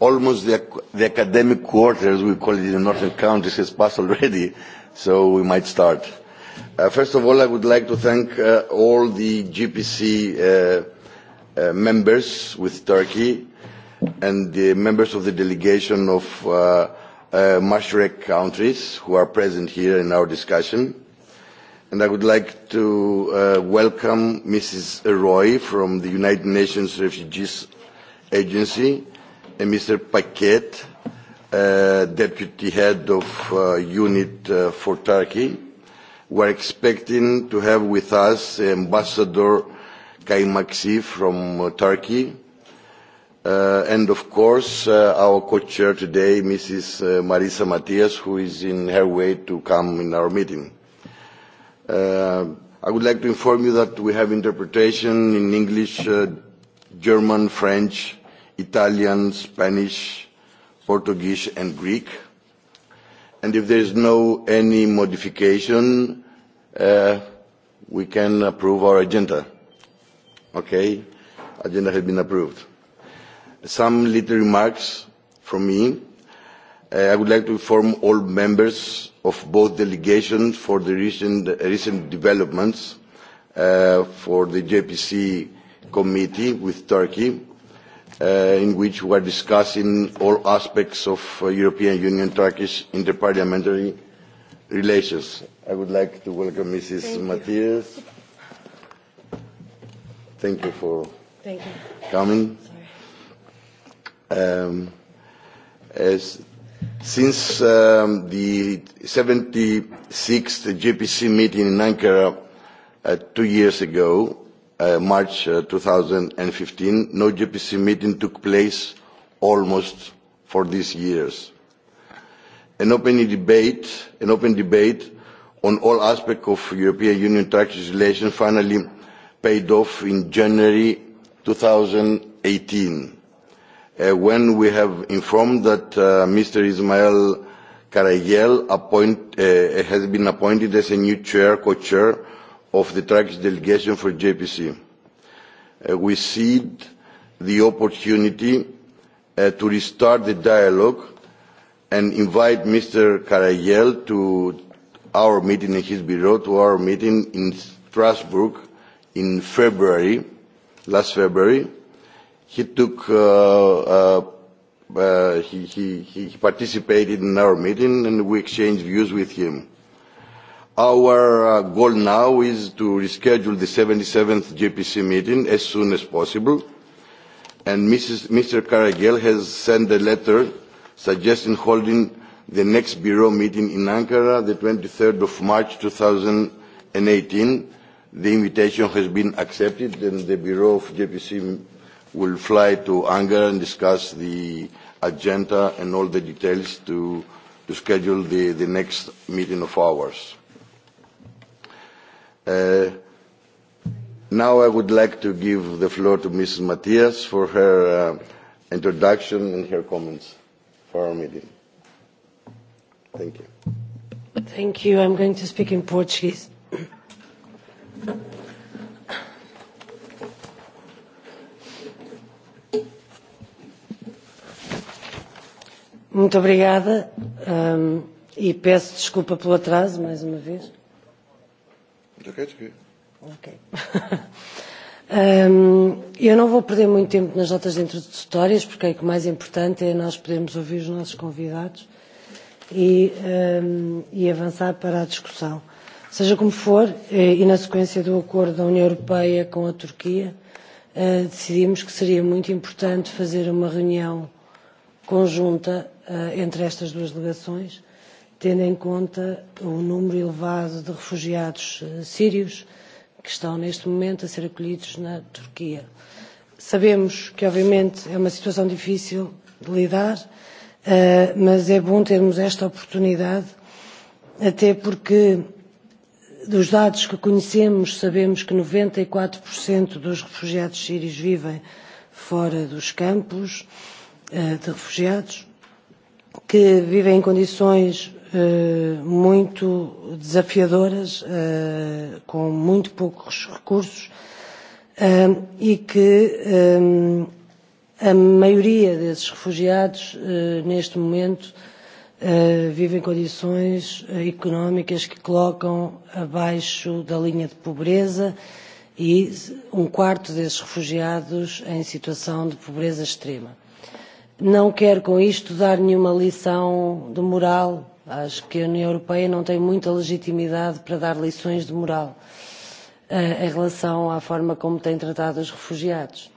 almost the, the academic quarters, we call it in the northern counties, has passed already, so we might start. Uh, first of all, I would like to thank uh, all the GPC uh, uh, members with Turkey and the members of the delegation of uh, uh, Mashrek countries who are present here in our discussion. And I would like to uh, welcome Mrs. Roy from the United Nations Refugees Agency, uh, Uh, Mr. Paket, uh, deputy head of uh, unit uh, for Turkey. We're expecting to have with us Ambassador Kaimaksi from uh, Turkey. Uh, and of course, uh, our co-chair today, Mrs. Uh, Marisa Matias, who is in her way to come in our meeting. Uh, I would like to inform you that we have interpretation in English, uh, German, French, Italian, Spanish, Portuguese and Greek. And if there is no any modification, uh, we can approve our agenda. Okay, agenda has been approved. Some little remarks from me. Uh, I would like to inform all members of both delegations for the recent, uh, recent developments uh, for the JPC committee with Turkey uh, in which we are discussing all aspects of uh, European Union Turkish interparliamentary relations. I would like to welcome Mrs. Thank Matthias. You. Thank you for Thank you. coming. Um, as since um, the 76th GPC meeting in Ankara uh, two years ago, uh, March uh, 2015, no GPC meeting took place almost for these years. An open debate, an open debate on all aspects of European Union tax legislation finally paid off in January 2018, uh, when we have informed that uh, Mr. Ismail Karayel appoint, uh, has been appointed as a new chair, co-chair, of the Turkish delegation for JPC. Uh, we see the opportunity uh, to restart the dialogue and invite Mr. Karayel to our meeting in his bureau, to our meeting in Strasbourg in February, last February. He took, uh, uh, uh, he, he, he participated in our meeting and we exchanged views with him. Our uh, goal now is to reschedule the 77th JPC meeting as soon as possible. Mr. Karagiel has sent a letter suggesting holding the next bureau meeting in Ankara, the 23rd of March 2018. The invitation has been accepted, and the bureau of JPC will fly to Ankara and discuss the agenda and all the details to schedule the next meeting of ours. Uh, now I would like to give the floor to Mrs. Matias for her uh, introduction and her comments for our meeting. Thank you. Thank you. I'm going to speak in Portuguese. Muito obrigada um, e peço desculpa pelo atraso mais uma vez. Zakaj tako? Ok. um, ehm, eu ja, não vou perder muito tempo nas notas introdutórias, porque é que o mais importante é nós podermos ouvir os nossos convidados e, um, e avançar para a discussão. Seja como for, eh, e na sequência do acordo da União Europeia com a Turquia, uh, decidimos que seria muito importante fazer uma reunião conjunta uh, entre estas duas delegações tendo em conta o número elevado de refugiados eh, sírios que estão neste momento a ser acolhidos na Turquia. Sabemos que, obviamente, é uma situação difícil de lidar, eh, mas é bom termos esta oportunidade, até porque, dos dados que conhecemos, sabemos que 94% e dos refugiados sírios vivem fora dos campos eh, de refugiados, que vivem em condições Eh, muito desafiadoras, eh, com muito poucos recursos, eh, e que a maioria desses refugiados, neste momento, vivem condições económicas que colocam abaixo da linha de pobreza e um quarto desses refugiados em situação de pobreza extrema. Não quero com isto dar nenhuma lição de moral Acho que a União Europeia não tem muita legitimidade para dar lições de moral uh, em relação à forma como tem tratado os refugiados.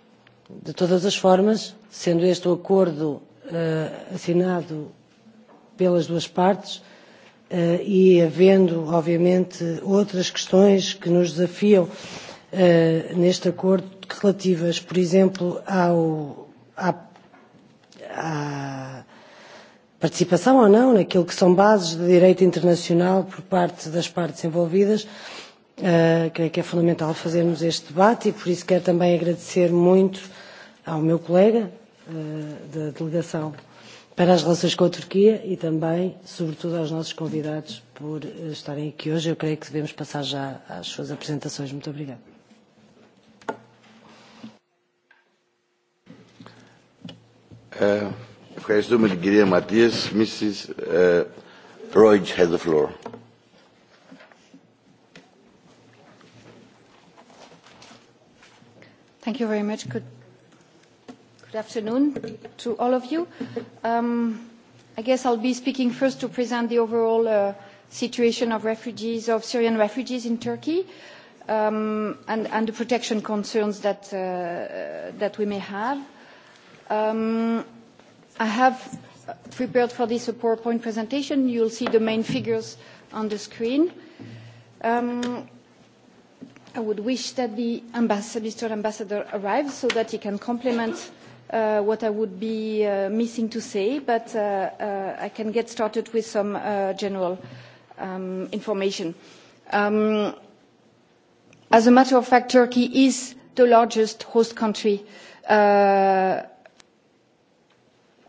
De todas as formas, sendo este o acordo uh, assinado pelas duas partes uh, e havendo, obviamente, outras questões que nos desafiam uh, neste acordo relativas, por exemplo, ao, à, à participação ou não naquilo que são bases de direito internacional por parte das partes envolvidas. Uh, creio que é fundamental fazermos este debate e por isso quero também agradecer muito ao meu colega uh, da delegação para as relações com a Turquia e também, sobretudo, aos nossos convidados por eh, estarem aqui hoje. Eu creio que devemos passar já às suas apresentações. Muito obrigado. Uh, Ευχαριστούμε την κυρία Ματίας. Μίσης Ρόιτς, uh, head the floor. Thank you very much. Good, good afternoon to all of you. Um, I guess I'll be speaking first to present the overall uh, situation of refugees, of Syrian refugees in Turkey, um, and, and the protection concerns that, uh, that we may have. Um, I have uh, prepared for this a PowerPoint presentation. You'll see the main figures on the screen. Um, I would wish that the ambassador, Mr. Ambassador arrives so that he can complement uh, what I would be uh, missing to say, but uh, uh, I can get started with some uh, general um, information. Um, as a matter of fact, Turkey is the largest host country uh,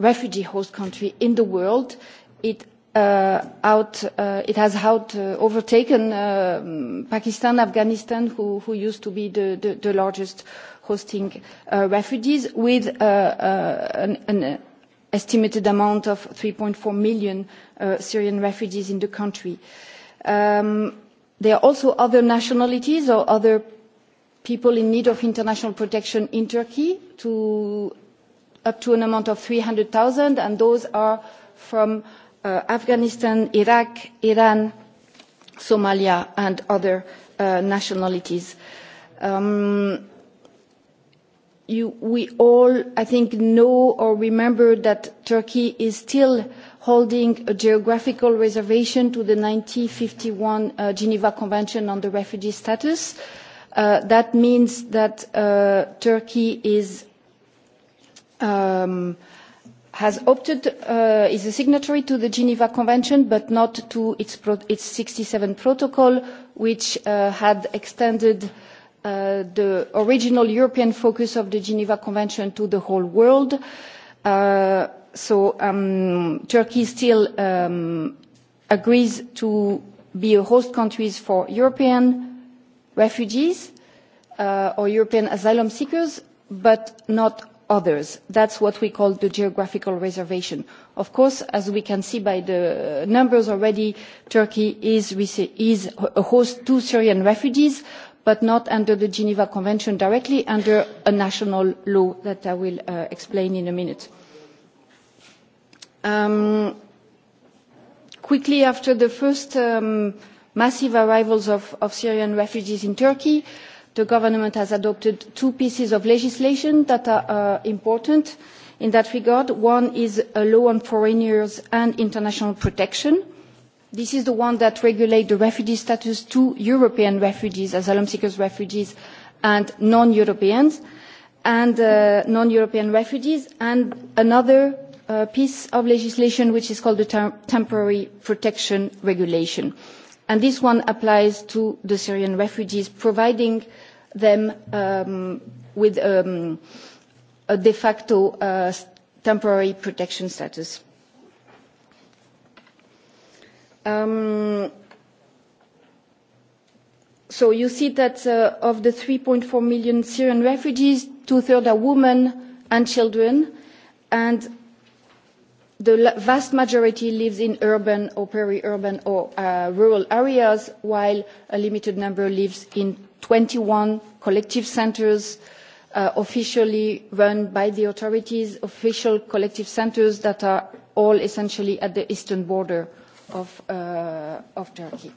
refugee host country in the world. It, uh, out, uh, it has out, uh, overtaken uh, Pakistan, Afghanistan, who, who used to be the, the, the largest hosting uh, refugees, with uh, uh, an, an estimated amount of 3.4 million uh, Syrian refugees in the country. Um, there are also other nationalities or other people in need of international protection in Turkey to up to an amount of 300,000, and those are from uh, Afghanistan, Iraq, Iran, Somalia, and other uh, nationalities. Um, you, we all, I think, know or remember that Turkey is still holding a geographical reservation to the 1951 uh, Geneva Convention on the Refugee Status. Uh, that means that uh, Turkey is um, has opted, uh, is a signatory to the Geneva Convention, but not to its, pro its 67 protocol, which uh, had extended uh, the original European focus of the Geneva Convention to the whole world. Uh, so um, Turkey still um, agrees to be a host country for European refugees uh, or European asylum seekers, but not others. That's what we call the geographical reservation. Of course, as we can see by the numbers already, Turkey is, is a host to Syrian refugees, but not under the Geneva Convention directly, under a national law that I will uh, explain in a minute. Um, quickly, after the first um, massive arrivals of, of Syrian refugees in Turkey, uh, the government has adopted two pieces of legislation that are uh, important in that regard. One is a law on foreigners and international protection. This is the one that regulates the refugee status to European refugees, asylum seekers, refugees, and non-Europeans, and uh, non-European refugees. And another uh, piece of legislation, which is called the ter- Temporary Protection Regulation. Uh, and this one applies to the Syrian refugees, providing them um, with um, a de facto uh, temporary protection status. Um, so you see that uh, of the 3.4 million Syrian refugees, two-thirds are women and children, and the vast majority lives in urban or peri-urban or uh, rural areas, while a limited number lives in 21 collective centres uh, officially run by the authorities, official collective centres that are all essentially at the eastern border of, uh, of Turkey.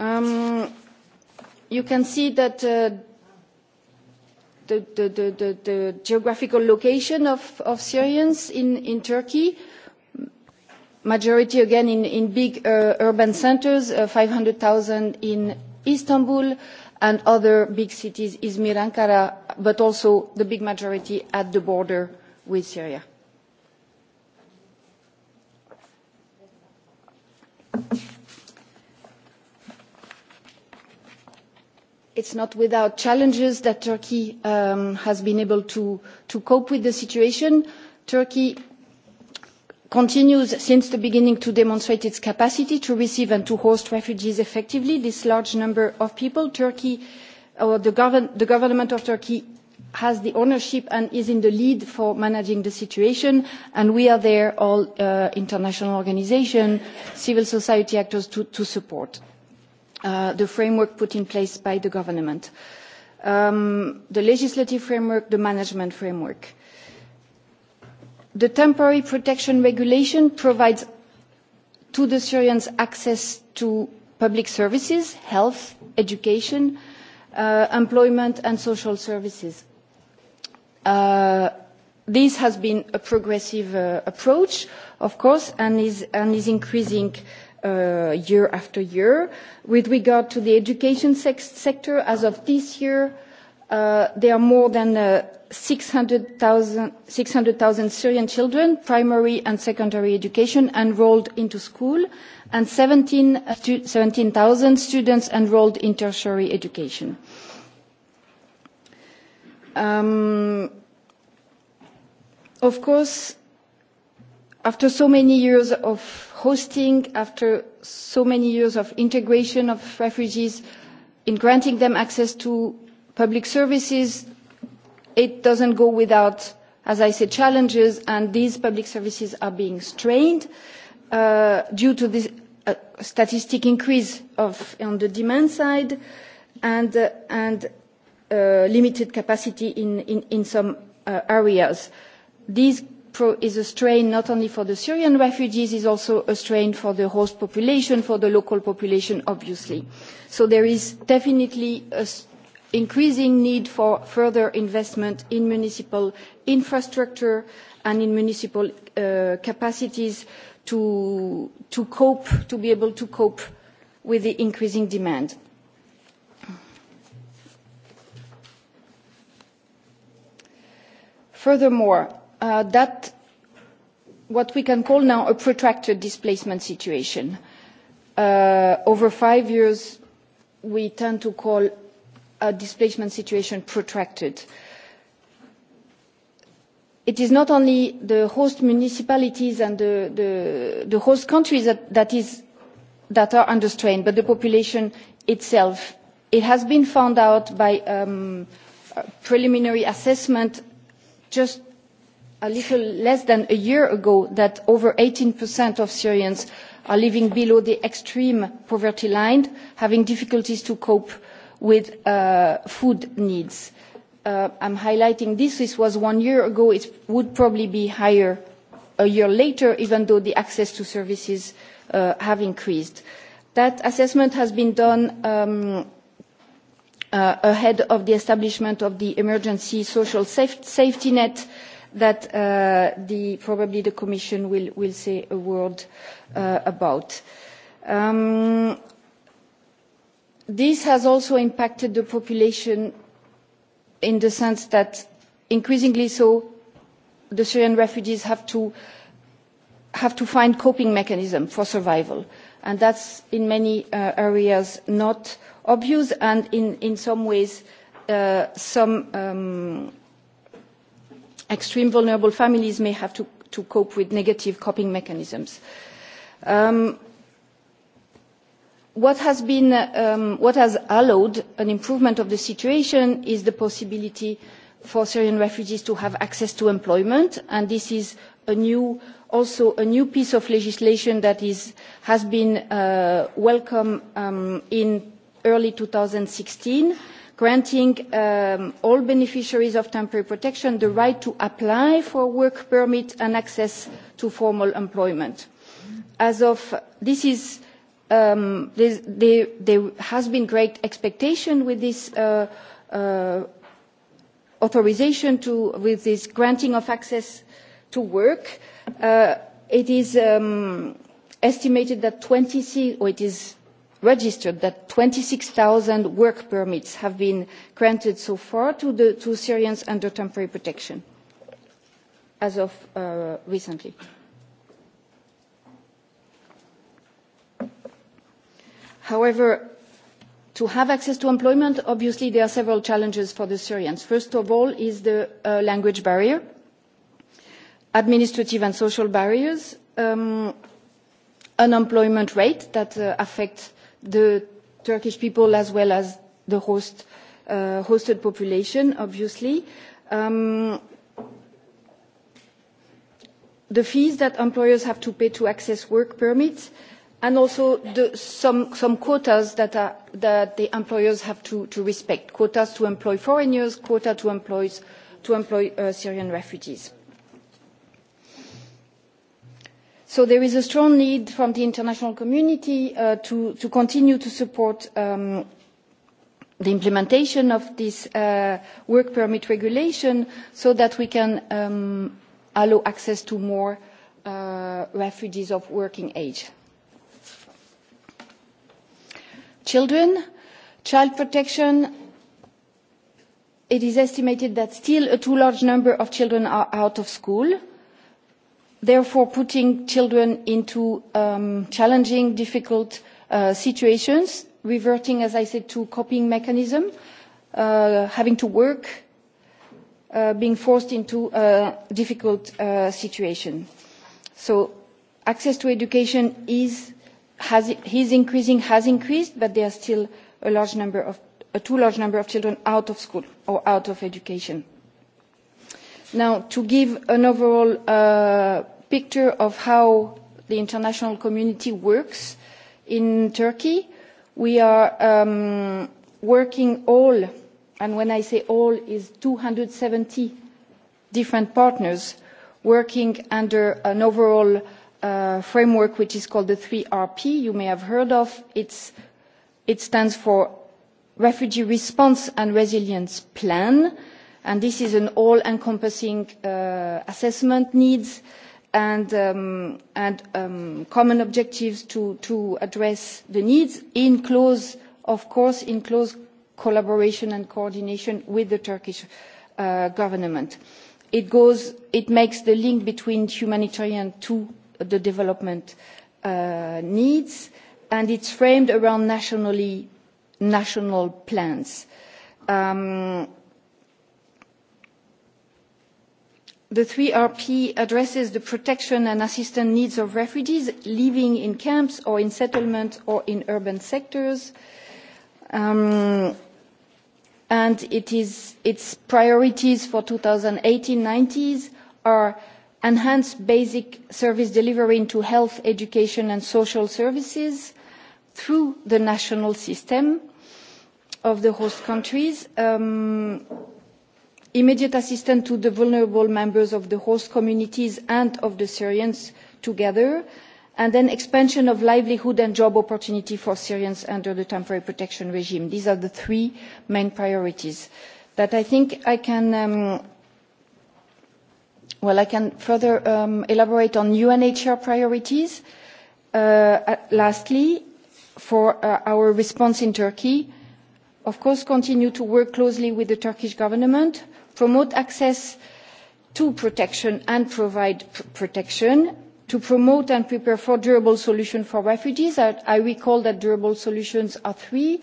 Um, you can see that uh, the, the, the, the, the geographical location of, of Syrians in, in Turkey. Majority again in, in big uh, urban centers, uh, 500,000 in Istanbul and other big cities, Izmir, Ankara, but also the big majority at the border with Syria. Thank you. it's not without challenges that Turkey um, has been able to, to cope with the situation. Turkey continues since the beginning to demonstrate its capacity to receive and to host refugees effectively. This large number of people, Turkey, or uh, the, govern, the government of Turkey has the ownership and is in the lead for managing the situation, and we are there, all uh, international organizations, civil society actors, to, to support. Uh, the framework put in place by the government, um, the legislative framework, the management framework. The temporary protection regulation provides to the Syrians access to public services, health, education, uh, employment and social services. Uh, this has been a progressive uh, approach, of course, and is, and is increasing uh, uh, year after year. With regard to the education se- sector, as of this year, uh, there are more than uh, 600,000 600, Syrian children, primary and secondary education, enrolled into school, and 17,000 17, uh, students enrolled in tertiary education. Um, of course, after so many years of hosting after so many years of integration of refugees, in granting them access to public services, it doesn't go without, as I said, challenges, and these public services are being strained uh, due to this uh, statistic increase of, on the demand side and, uh, and uh, limited capacity in, in, in some uh, areas. These pro is a strain not only for the Syrian refugees, it is also a strain for the host population, for the local population, obviously. So there is definitely an increasing need for further investment in municipal infrastructure and in municipal uh, capacities to, to cope, to be able to cope with the increasing demand. Furthermore, uh, that what we can call now a protracted displacement situation. Uh, over five years, we tend to call a displacement situation protracted. It is not only the host municipalities and the, the, the host countries that, that, is, that are under strain, but the population itself. It has been found out by um, a preliminary assessment just a little less than a year ago that over 18% of Syrians are living below the extreme poverty line, having difficulties to cope with uh, food needs. Uh, I'm highlighting this. This was one year ago. It would probably be higher a year later, even though the access to services uh, have increased. That assessment has been done um, uh, ahead of the establishment of the emergency social safe safety net, that uh, the probably the commission will will say a word uh, about. Um, this has also impacted the population in the sense that increasingly so the Syrian refugees have to have to find coping mechanism for survival. And that's in many uh, areas not obvious and in in some ways some um, extreme vulnerable families may have to, to cope with negative coping mechanisms. Um, what has been, um, what has allowed an improvement of the situation is the possibility for Syrian refugees to have access to employment, and this is a new, also a new piece of legislation that is, has been uh, welcome um, in early 2016 granting um, all beneficiaries of temporary protection the right to apply for a work permit and access to formal employment. As of this is, um, there, there has been great expectation with this uh, uh, authorization to, with this granting of access to work. Uh, it is um, estimated that 26, or it is registered that twenty six thousand work permits have been granted so far to the two syrians under temporary protection as of uh, recently. However, to have access to employment, obviously there are several challenges for the Syrians. First of all is the uh, language barrier, administrative and social barriers, um, unemployment rate that uh, affects the Turkish people as well as the host, uh, hosted population, obviously. Um, the fees that employers have to pay to access work permits and also the, some, some quotas that, are, that the employers have to, to respect, quotas to employ foreigners, quotas to, employs, to employ uh, Syrian refugees. So there is a strong need from the international community uh, to, to continue to support um, the implementation of this uh, work permit regulation so that we can um, allow access to more uh, refugees of working age. Children, child protection, it is estimated that still a too large number of children are out of school therefore putting children into um, challenging, difficult uh, situations, reverting, as I said, to coping mechanism, uh, having to work, uh, being forced into a difficult uh, situation. So access to education is, has, is increasing, has increased, but there are still a large number of, a too large number of children out of school or out of education. Now, to give an overall uh, picture of how the international community works in Turkey. We are um, working all, and when I say all, is 270 different partners working under an overall uh, framework which is called the 3RP. You may have heard of it's, it stands for Refugee Response and Resilience Plan. And this is an all-encompassing uh, assessment needs, uh, and, um, and um, common objectives to, to address the needs in close, of course, in close collaboration and coordination with the Turkish uh, government. It, goes, it makes the link between humanitarian to the development uh, needs, and it's framed around nationally, national plans. Um, The 3RP addresses the protection and assistance needs of refugees living in camps or in settlements or in urban sectors. Um, and it is, its priorities for 2018-90 are enhanced basic service delivery into health, education and social services through the national system of the host countries. Um, immediate assistance to the vulnerable members of the host communities and of the syrians together and then expansion of livelihood and job opportunity for syrians under the temporary protection regime. these are the three main priorities that i think i can um, well i can further um, elaborate on unhcr priorities. Uh, lastly for uh, our response in turkey of course continue to work closely with the turkish government promote access to protection and provide protection to promote and prepare for durable solutions for refugees. I, I recall that durable solutions are three.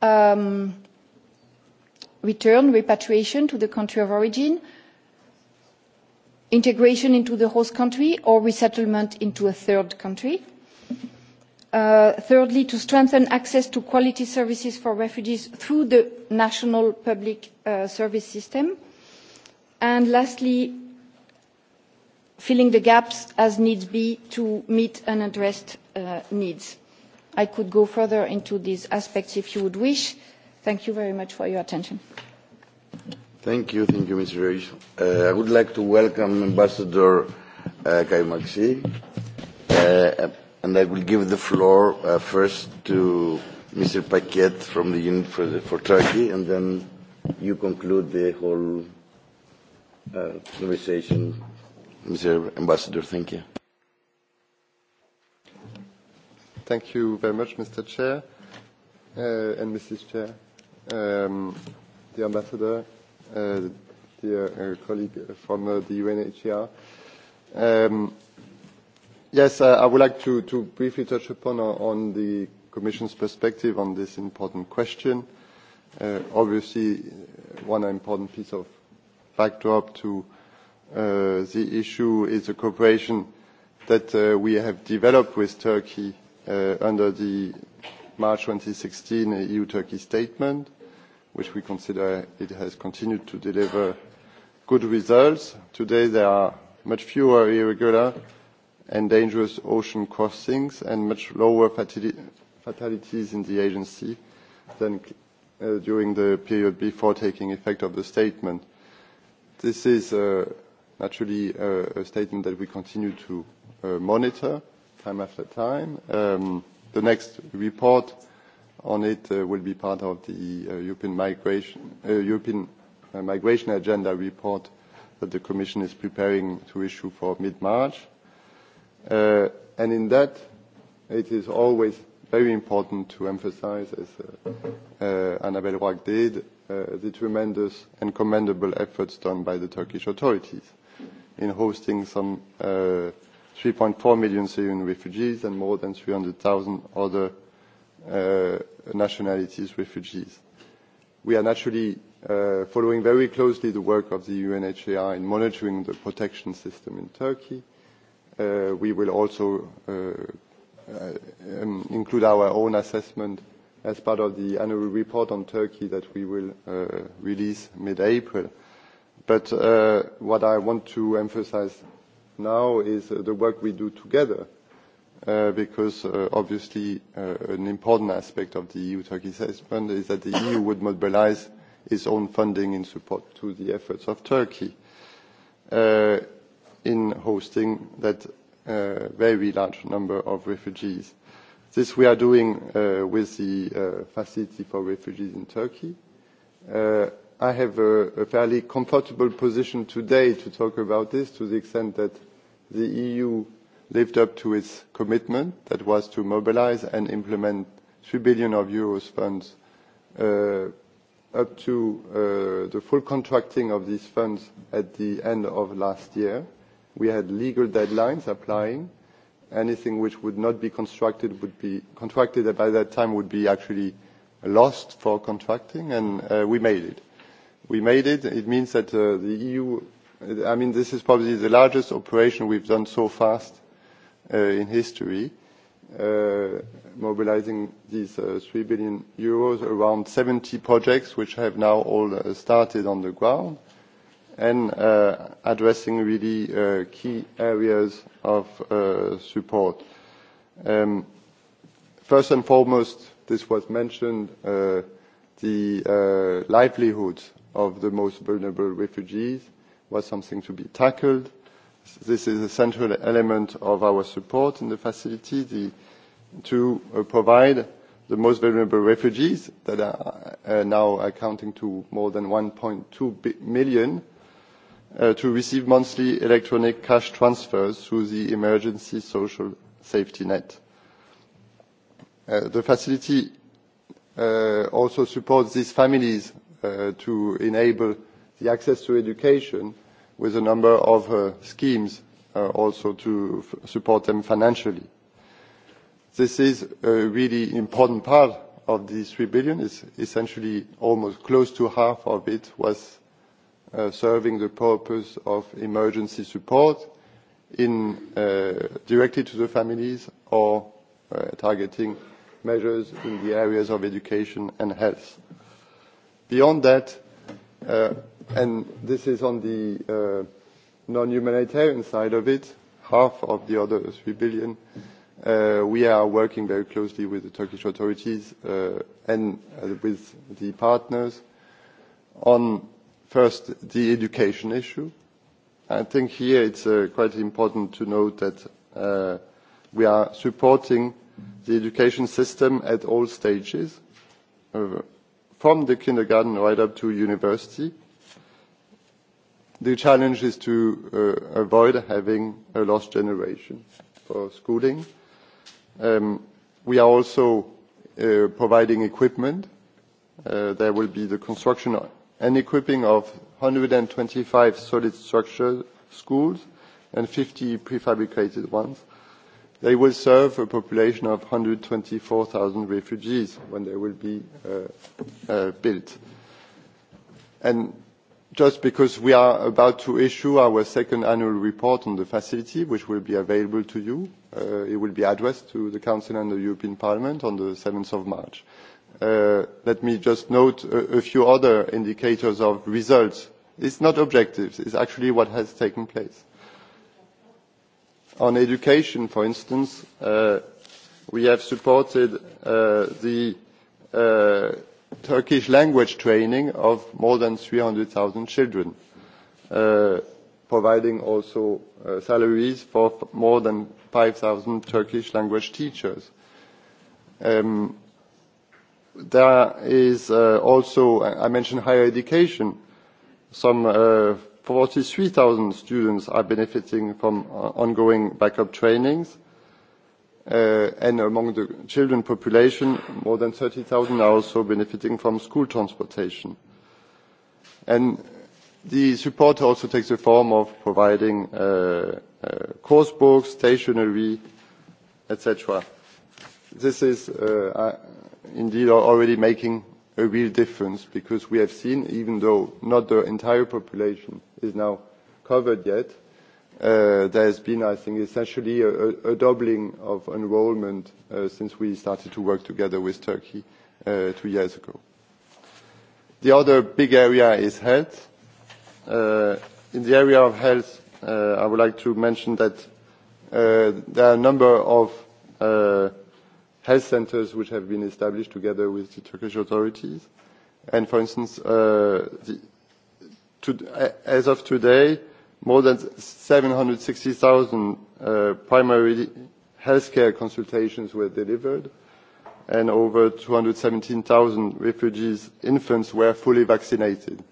Um, return, repatriation to the country of origin, integration into the host country or resettlement into a third country. Uh, thirdly, to strengthen access to quality services for refugees through the national public uh, service system and lastly filling the gaps as need be to meet unaddressed uh, needs. i could go further into these aspects if you would wish. thank you very much for your attention. thank you. thank you, mr. Uh, i would like to welcome ambassador uh, kai maxi. Uh, and i will give the floor uh, first to mr. paquet from the unit for, the, for turkey, and then you conclude the whole conversation. Uh, Mr. Ambassador, thank you. Thank you very much, Mr. Chair uh, and Mrs. Chair, um, the Ambassador, uh, the uh, colleague from uh, the UNHCR. Um, yes, uh, I would like to, to briefly touch upon uh, on the Commission's perspective on this important question. Uh, obviously, one important piece of backdrop to uh, the issue is the cooperation that uh, we have developed with Turkey uh, under the March 2016 EU-Turkey Statement, which we consider it has continued to deliver good results. Today, there are much fewer irregular and dangerous ocean crossings and much lower fatalities in the Asian Sea than during the period before taking effect of the statement. This is uh, naturally a statement that we continue to uh, monitor time after time. Um, the next report on it uh, will be part of the European Migration Agenda report that the Commission is preparing to issue for mid-March. And in that, it is always very important to emphasize, as Annabel Roig did, Uh, the tremendous and commendable efforts done by the Turkish authorities in hosting some uh, 3.4 million Syrian refugees and more than 300,000 other uh, nationalities refugees. We are naturally uh, following very closely the work of the UNHCR in monitoring the protection system in Turkey. Uh, we will also uh, uh, um, include our own assessment uh, as part of the annual report on Turkey that we will uh, release mid-April. But uh, what I want to emphasize now is uh, the work we do together, because obviously an important aspect of the EU-Turkey assessment is that the EU would mobilize its own funding in support to the efforts of Turkey in hosting that very large number of refugees. This we are doing uh, with the uh, Facility for Refugees in Turkey. Uh, I have a, a fairly comfortable position today to talk about this to the extent that the EU lived up to its commitment that was to mobilize and implement 3 billion of euros funds uh, up to uh, the full contracting of these funds at the end of last year. We had legal deadlines applying anything which would not be constructed would be contracted by that time would be actually lost for contracting, and uh, we made it. We made it. It means that uh, the EU, I mean, this is probably the largest operation we've done so fast uh, in history, uh, mobilizing these uh, 3 billion euros around 70 projects which have now all uh, started on the ground and uh, addressing really uh, key areas of uh, support. Um, first and foremost, this was mentioned, uh, the uh, livelihoods of the most vulnerable refugees was something to be tackled. This is a central element of our support in the facility the, to uh, provide the most vulnerable refugees that are uh, now accounting to more than 1.2 million uh, Uh, to receive monthly electronic cash transfers through the emergency social safety net. Uh, the facility uh, also supports these families uh, to enable the access to education with a number of uh, schemes uh, also to f support them financially. This is a really important part of the 3 billion. It's essentially almost close to half of it was Uh, serving the purpose of emergency support uh, directly to the families or uh, targeting measures in the areas of education and health. Beyond that, and this is on the non-humanitarian side of it, half of the other 3 billion, we are working very closely with the Turkish authorities and with the partners on First, the education issue. I think here it's uh, quite important to note that uh, we are supporting the education system at all stages, uh, from the kindergarten right up to university. The challenge is to uh, avoid having a lost generation for schooling. Um, we are also uh, providing equipment. Uh, there will be the construction and equipping of 125 solid structure schools and 50 prefabricated ones. They will serve a population of 124,000 refugees when they will be uh, uh, built. And just because we are about to issue our second annual report on the facility, which will be available to you, uh, it will be addressed to the Council and the European Parliament on the 7th of March. Uh, Uh, let me just note a few other indicators of results. It's not objectives, it's actually what has taken place. On education, for instance, uh, we have supported uh, the Turkish language training of more than 300,000 children, providing also salaries for more than 5,000 Turkish language teachers. On um, there is uh, also, I mentioned higher education. Some uh, 43,000 students are benefiting from uh, ongoing backup trainings. Uh, and among the children population, more than 30,000 are also benefiting from school transportation. And the support also takes the form of providing uh, uh, course books, stationery, etc this is uh, uh indeed already making a real difference because we have seen, even though not the entire population is now covered yet, uh, there has been, I think, essentially a, a doubling of enrollment uh, since we started to work together with Turkey uh, two years ago. The other big area is health. Uh, in the area of health, uh, I would like to mention that uh, there are a number of uh, health centers which have been established together with the Turkish authorities. And for instance, uh, the, to, uh, as of today, more than 760,000 uh, primary healthcare consultations were delivered, and over 217,000 refugees, infants, were fully vaccinated.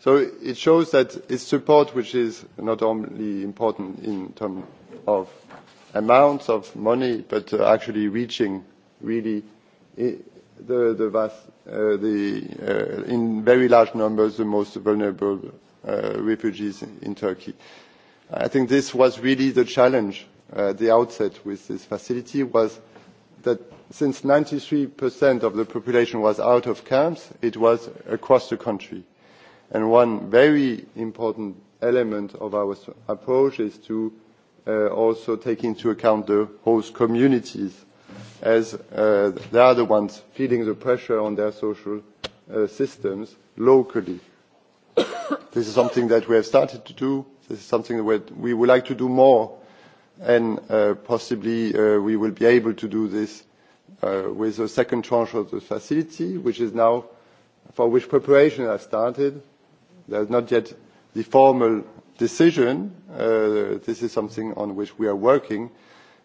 So it shows that it's support which is not only important in terms of amounts of money, but uh, actually reaching really I- the, the vast, uh, the, uh, in very large numbers, the most vulnerable uh, refugees in, in Turkey. I think this was really the challenge uh, at uh, the outset with this facility was that since 93% of the population was out of camps, it was across the country. And one very important element of our approach is to uh, Uh, also take into account the host communities as uh, they are the ones feeling the pressure on their social uh, systems locally. this is something that we have started to do. This is something that we would like to do more and uh, possibly uh, we will be able to do this uh, with a second tranche of the facility, which is now for which preparation has started. There's not yet the formal decision. Uh, this is something on which we are working,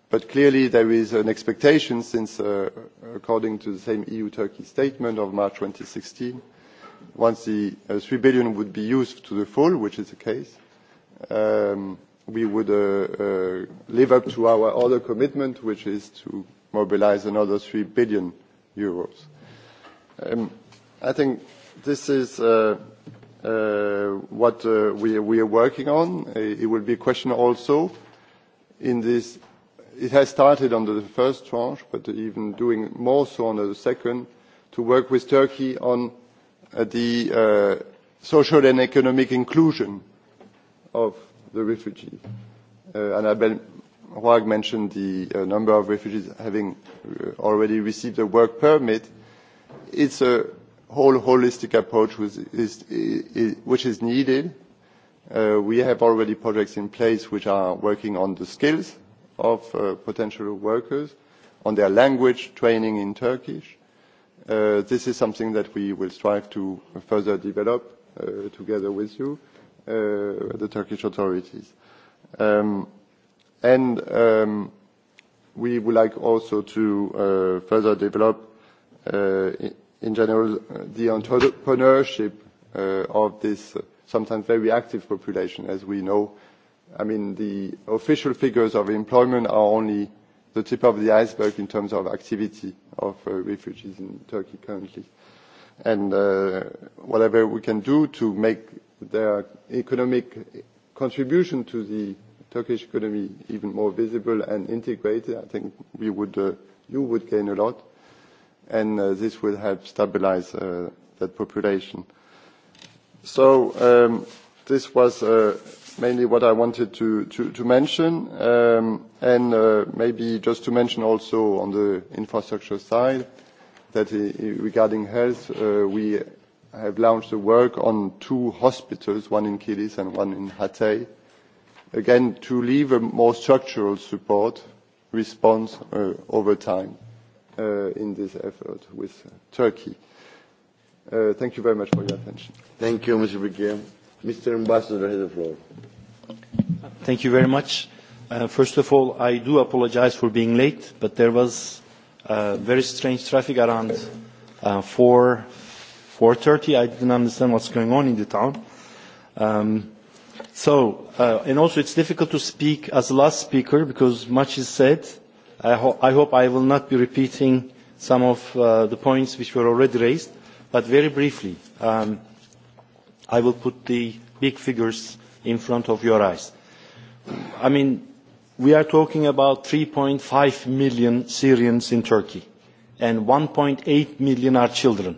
but clearly there is an expectation since, uh, according to the same EU-Turkey statement of March 2016, once the 3 uh, billion would be used to the full, which is the case, um, we would live up to our other commitment, which is to mobilize another 3 billion euros. Um, I think this is Uh, what uh, we are working on. Uh, it will be a question also in this. It has started under the first tranche, but even doing more so under the second, to work with Turkey on the social and economic inclusion of the refugee. Annabel Roig mentioned the number of refugees having already received a work permit. It's a whole holistic approach which is needed. Uh, we have already projects in place which are working on the skills of uh, potential workers, on their language training in Turkish. Uh, this is something that we will strive to further develop together with you, the Turkish authorities. Um, um, we would like also to further develop in general, uh, the entrepreneurship uh, of this uh, sometimes very active population, as we know. I mean, the official figures of employment are only the tip of the iceberg in terms of activity of uh, refugees in Turkey currently. And uh, whatever we can do to make their economic contribution to the Turkish economy even more visible and integrated, I think we would, uh, you would gain a lot and uh, this will help stabilize uh, that population. So um, this was uh, mainly what I wanted to, to, to mention, um, and uh, maybe just to mention also on the infrastructure side that uh, regarding health, uh, we have launched a work on two hospitals, one in Kilis and one in Hatay, again to leave a more structural support response uh, over time uh, in this effort with uh, Turkey. Uh, thank you very much for your attention. Thank you, Mr. Brigham. Mr. Ambassador has the floor. Thank you very much. Uh, first of all, I do apologize for being late, but there was uh, very strange traffic around uh, 4.30. I didn't understand what's going on in the town. Um, so, uh, and also it's difficult to speak as the last speaker because much is said. I hope I will not be repeating some of uh, the points which were already raised, but very briefly, um, I will put the big figures in front of your eyes. I mean, we are talking about 3.5 million Syrians in Turkey, and 1.8 million are children.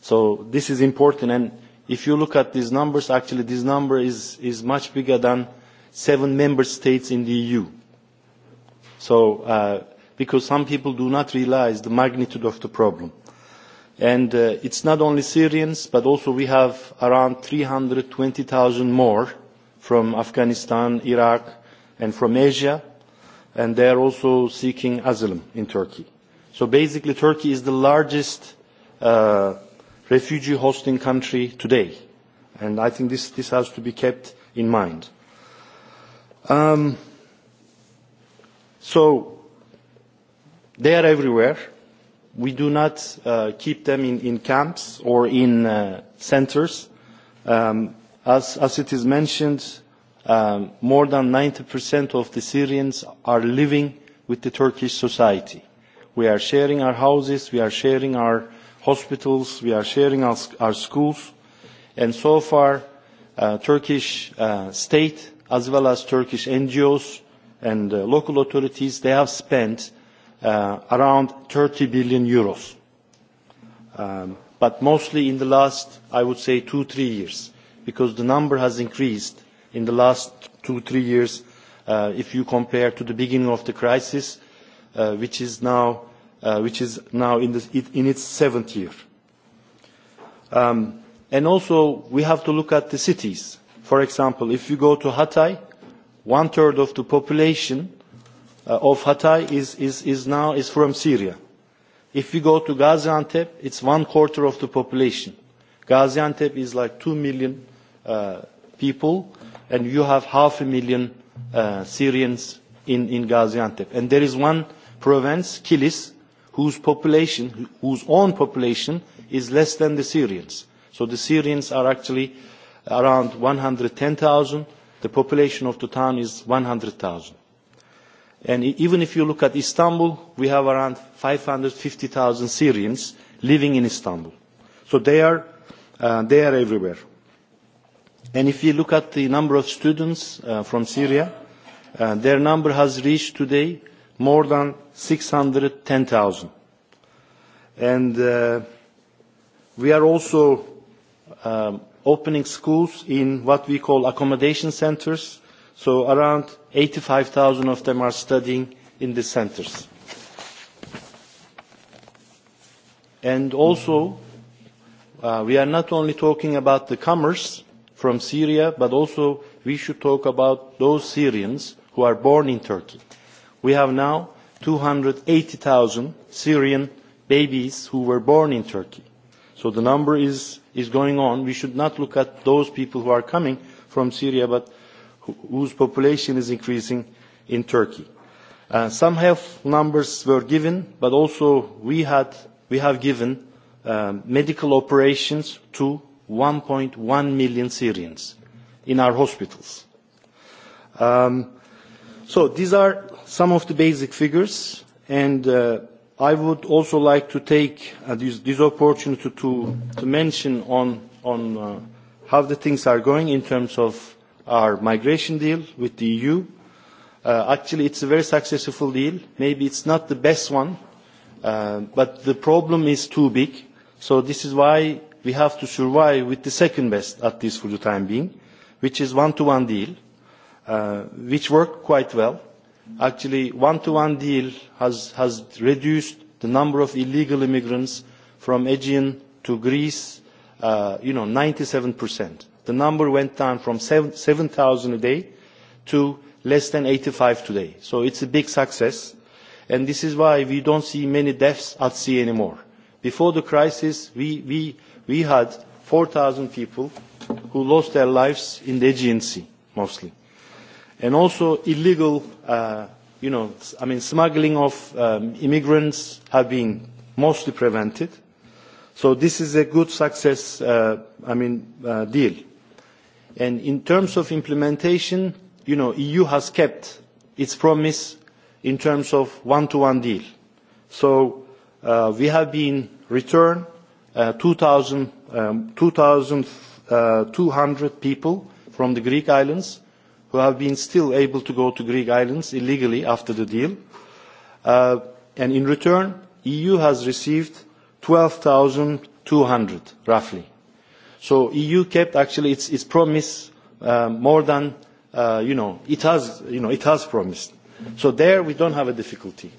So this is important, and if you look at these numbers, actually this number is, is much bigger than seven member states in the EU. So, uh, because some people do not realize the magnitude of the problem. And uh, it's not only Syrians, but also we have around 320,000 more from Afghanistan, Iraq, and from Asia, and they are also seeking asylum in Turkey. So basically, Turkey is the largest uh, refugee hosting country today. And I think this, this has to be kept in mind. Um, so they are everywhere. We do not uh, keep them in, in camps or in uh, centres. Um, as, as it is mentioned, um, more than 90% of the Syrians are living with the Turkish society. We are sharing our houses, we are sharing our hospitals, we are sharing our, our schools. And so far, uh, Turkish uh, state, as well as Turkish NGOs, and the uh, local authorities they have spent uh, around 30 billion euros um, but mostly in the last i would say 2 3 years because the number has increased in the last 2 3 years uh, if you compare to the beginning of the crisis uh, which is now uh, which is now in, the, in its seventh year. Um, and also, we have to look at the cities. For example, if you go to Hatay, uh, one third of the population uh, of hatay is now from syria. if we go to gaziantep it is one quarter of the population. gaziantep is like two million uh, people and you have half a million uh, syrians in, in gaziantep. and there is one province, kilis, whose population, whose own population is less than the syrians. so the syrians are actually around 110,000 the population of the town is one hundred thousand and e-, even if you look at istanbul we have around five hundred and fifty thousand syrians living in istanbul so they are uh, they are everywhere and if you look at the number of students uh, from syria uh, their number has reached today more than 610000 and uh, we are also um, opening schools in what we call accommodation centres so around eighty five zero of them are studying in the centres. and also uh, we are not only talking about the comers from syria but also we should talk about those syrians who are born in turkey. we have now 280,000 syrian babies who were born in turkey. so the number is is going on, we should not look at those people who are coming from Syria, but whose population is increasing in Turkey. Uh, some health numbers were given, but also we, had, we have given um, medical operations to 1.1 million Syrians in our hospitals. Um, so these are some of the basic figures, and uh, I would also like to take uh, this, this opportunity to, to mention on, on uh, how the things are going in terms of our migration deal with the EU. Uh, actually, it's a very successful deal. Maybe it's not the best one, uh, but the problem is too big. So this is why we have to survive with the second best at this for the time being, which is one-to-one deal, uh, which worked quite well actually a one to one deal has, has reduced the number of illegal immigrants from aegean to greece uh, you know, 97%. the number went down from 7,000 7, a day to less than 85 today. so it's a big success. and this is why we don't see many deaths at sea anymore. before the crisis, we, we, we had 4,000 people who lost their lives in the aegean sea, mostly and also illegal uh, you know, I mean, smuggling of um, immigrants have been mostly prevented. So this is a good success, uh, I mean, uh, deal. And in terms of implementation, you know, EU has kept its promise in terms of one-to-one -one deal. So uh, we have been returned uh, 2,200 um, 2, uh, people from the Greek islands, who have been still able to go to Greek islands illegally after the deal. Uh, and in return, EU has received 12,200, roughly. So EU kept actually its, its promise uh, more than, uh, you, know, it has, you know, it has promised. So there we don't have a difficulty.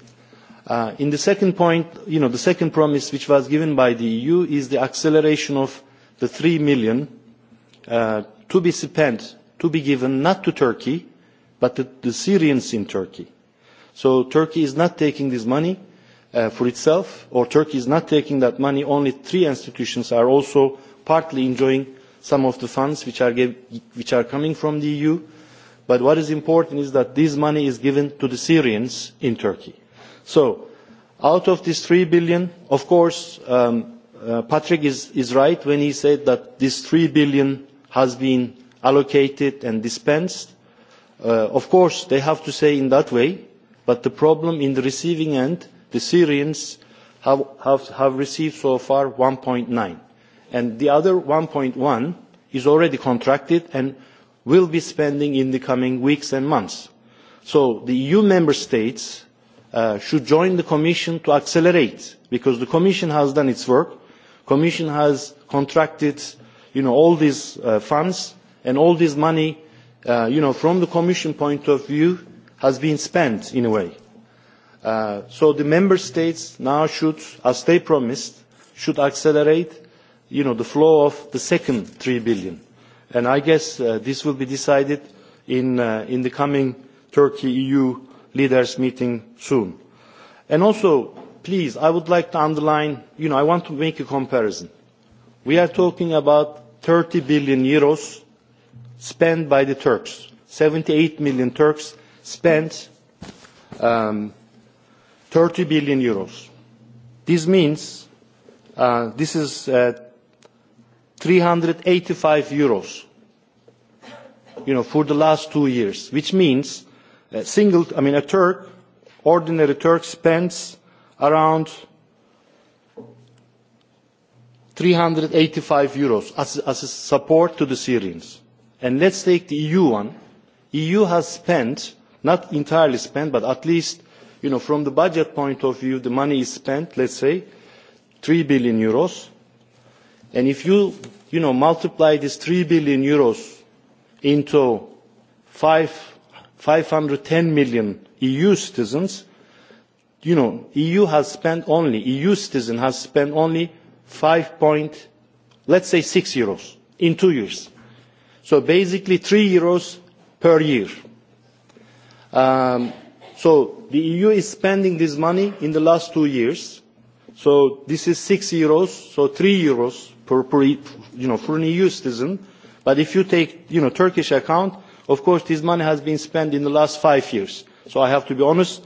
Uh, in the second point, you know, the second promise which was given by the EU is the acceleration of the 3 million uh, to be spent to be given not to Turkey, but to the Syrians in Turkey. So Turkey is not taking this money uh, for itself, or Turkey is not taking that money. Only three institutions are also partly enjoying some of the funds which are, give, which are coming from the EU. But what is important is that this money is given to the Syrians in Turkey. So out of this 3 billion, of course, um, uh, Patrick is, is right when he said that this 3 billion has been allocated and dispensed uh, of course they have to say it in that way but the problem in the receiving end the syrians have, have, have received so far 1.9 and the other 1.1 is already contracted and will be spending in the coming weeks and months so the eu member states uh, should join the commission to accelerate because the commission has done its work commission has contracted you know all these uh, funds and all this money uh, from the commission point of view has been spent in a way. Uh, so the member states now should as they promised should accelerate the flow of the second three billion and i guess uh, this will be decided in the coming turkey eu leaders meeting soon. and also please i would like to underline you know i want to make a comparison. we are talking about thirty billion euros spent by the turks seventy eight million turks spent um, thirty billion euros. This means uh, this is uh, three hundred and eighty five euros you know for the last two years, which means a uh, single I mean a Turk, ordinary Turk spends around three hundred and eighty five euros as, as a support to the Syrians and let us take the eu one the eu has spent not entirely spent but at least from the budget point of view the money is spent let us say eur three billion and if you multiply this eur three billion into five hundred and ten million eu citizens you know eu has spent only eu citizen has spent only five point let us say six euros in two years so basically 3 euros per year. Um, so the EU is spending this money in the last two years. So this is 6 euros, so 3 euros per, per, you know, for an EU citizen. But if you take you know, Turkish account, of course this money has been spent in the last five years. So I have to be honest,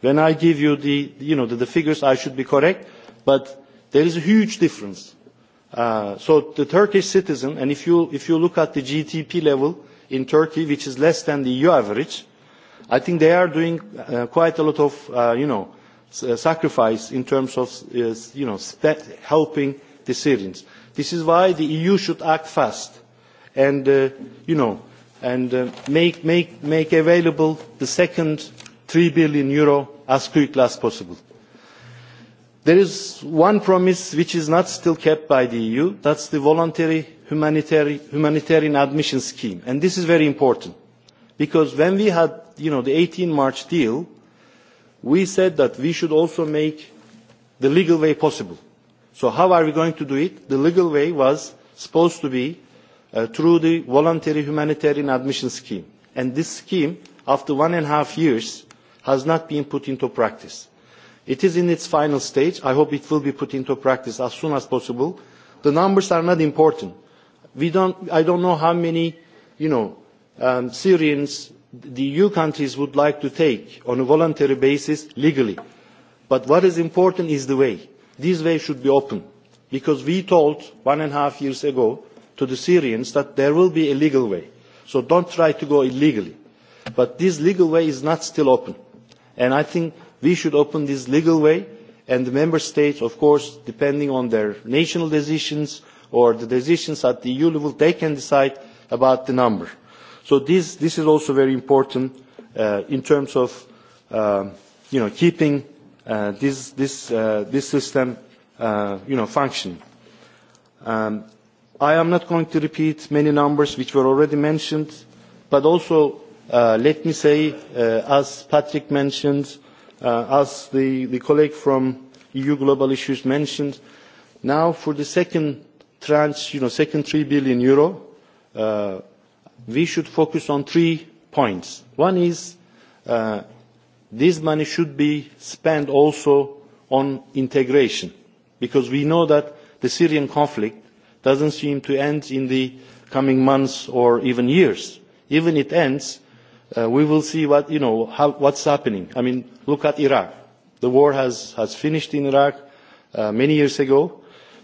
when I give you the, you know, the, the figures, I should be correct. But there is a huge difference. Uh, so the turkish citizen and if you if you look at the gdp level in turkey which is less than the eu average i think they are doing uh, quite a lot of uh, you know uh, sacrifice in terms of uh, you know helping the syrians this is why the eu should act fast and uh, you know and uh, make make make available the second 3 billion euro as quickly as possible There is one promise which is not still kept by the EU, that's the voluntary humanitarian, humanitarian admission scheme. And this is very important, because when we had you know, the 18 March deal, we said that we should also make the legal way possible. So how are we going to do it? The legal way was supposed to be uh, through the voluntary humanitarian admission scheme. And this scheme, after one and a half years, has not been put into practice it is in its final stage and i hope it will be put into practice as soon as possible. the numbers are not important. i do not know how many um, syrians the eu countries would like to take on a voluntary basis legally but what is important is the way. this way should be open because we told one and a half years ago to the syrians that there will be a legal way so do not try to go illegally. but this legal way is not still open and we should open this legal way and the member states of course depending on their national decisions or the decisions at the eu level they can decide about the number. so this, this is also very important uh, in terms of uh, you know, keeping uh, this, this, uh, this system uh, you know, functioning. Um, i am not going to repeat many numbers which were already mentioned but also uh, let me say uh, as patrick mentioned uh, Uh, as the, the colleague from EU Global Issues mentioned, now for the second tranche, you know, second €3 billion, euro, uh, we should focus on three points. One is uh, this money should be spent also on integration, because we know that the Syrian conflict doesn't seem to end in the coming months or even years. Even if it ends, Uh, we will see what you know how, what's happening i mean look at iraq the war has, has finished in iraq uh, many years ago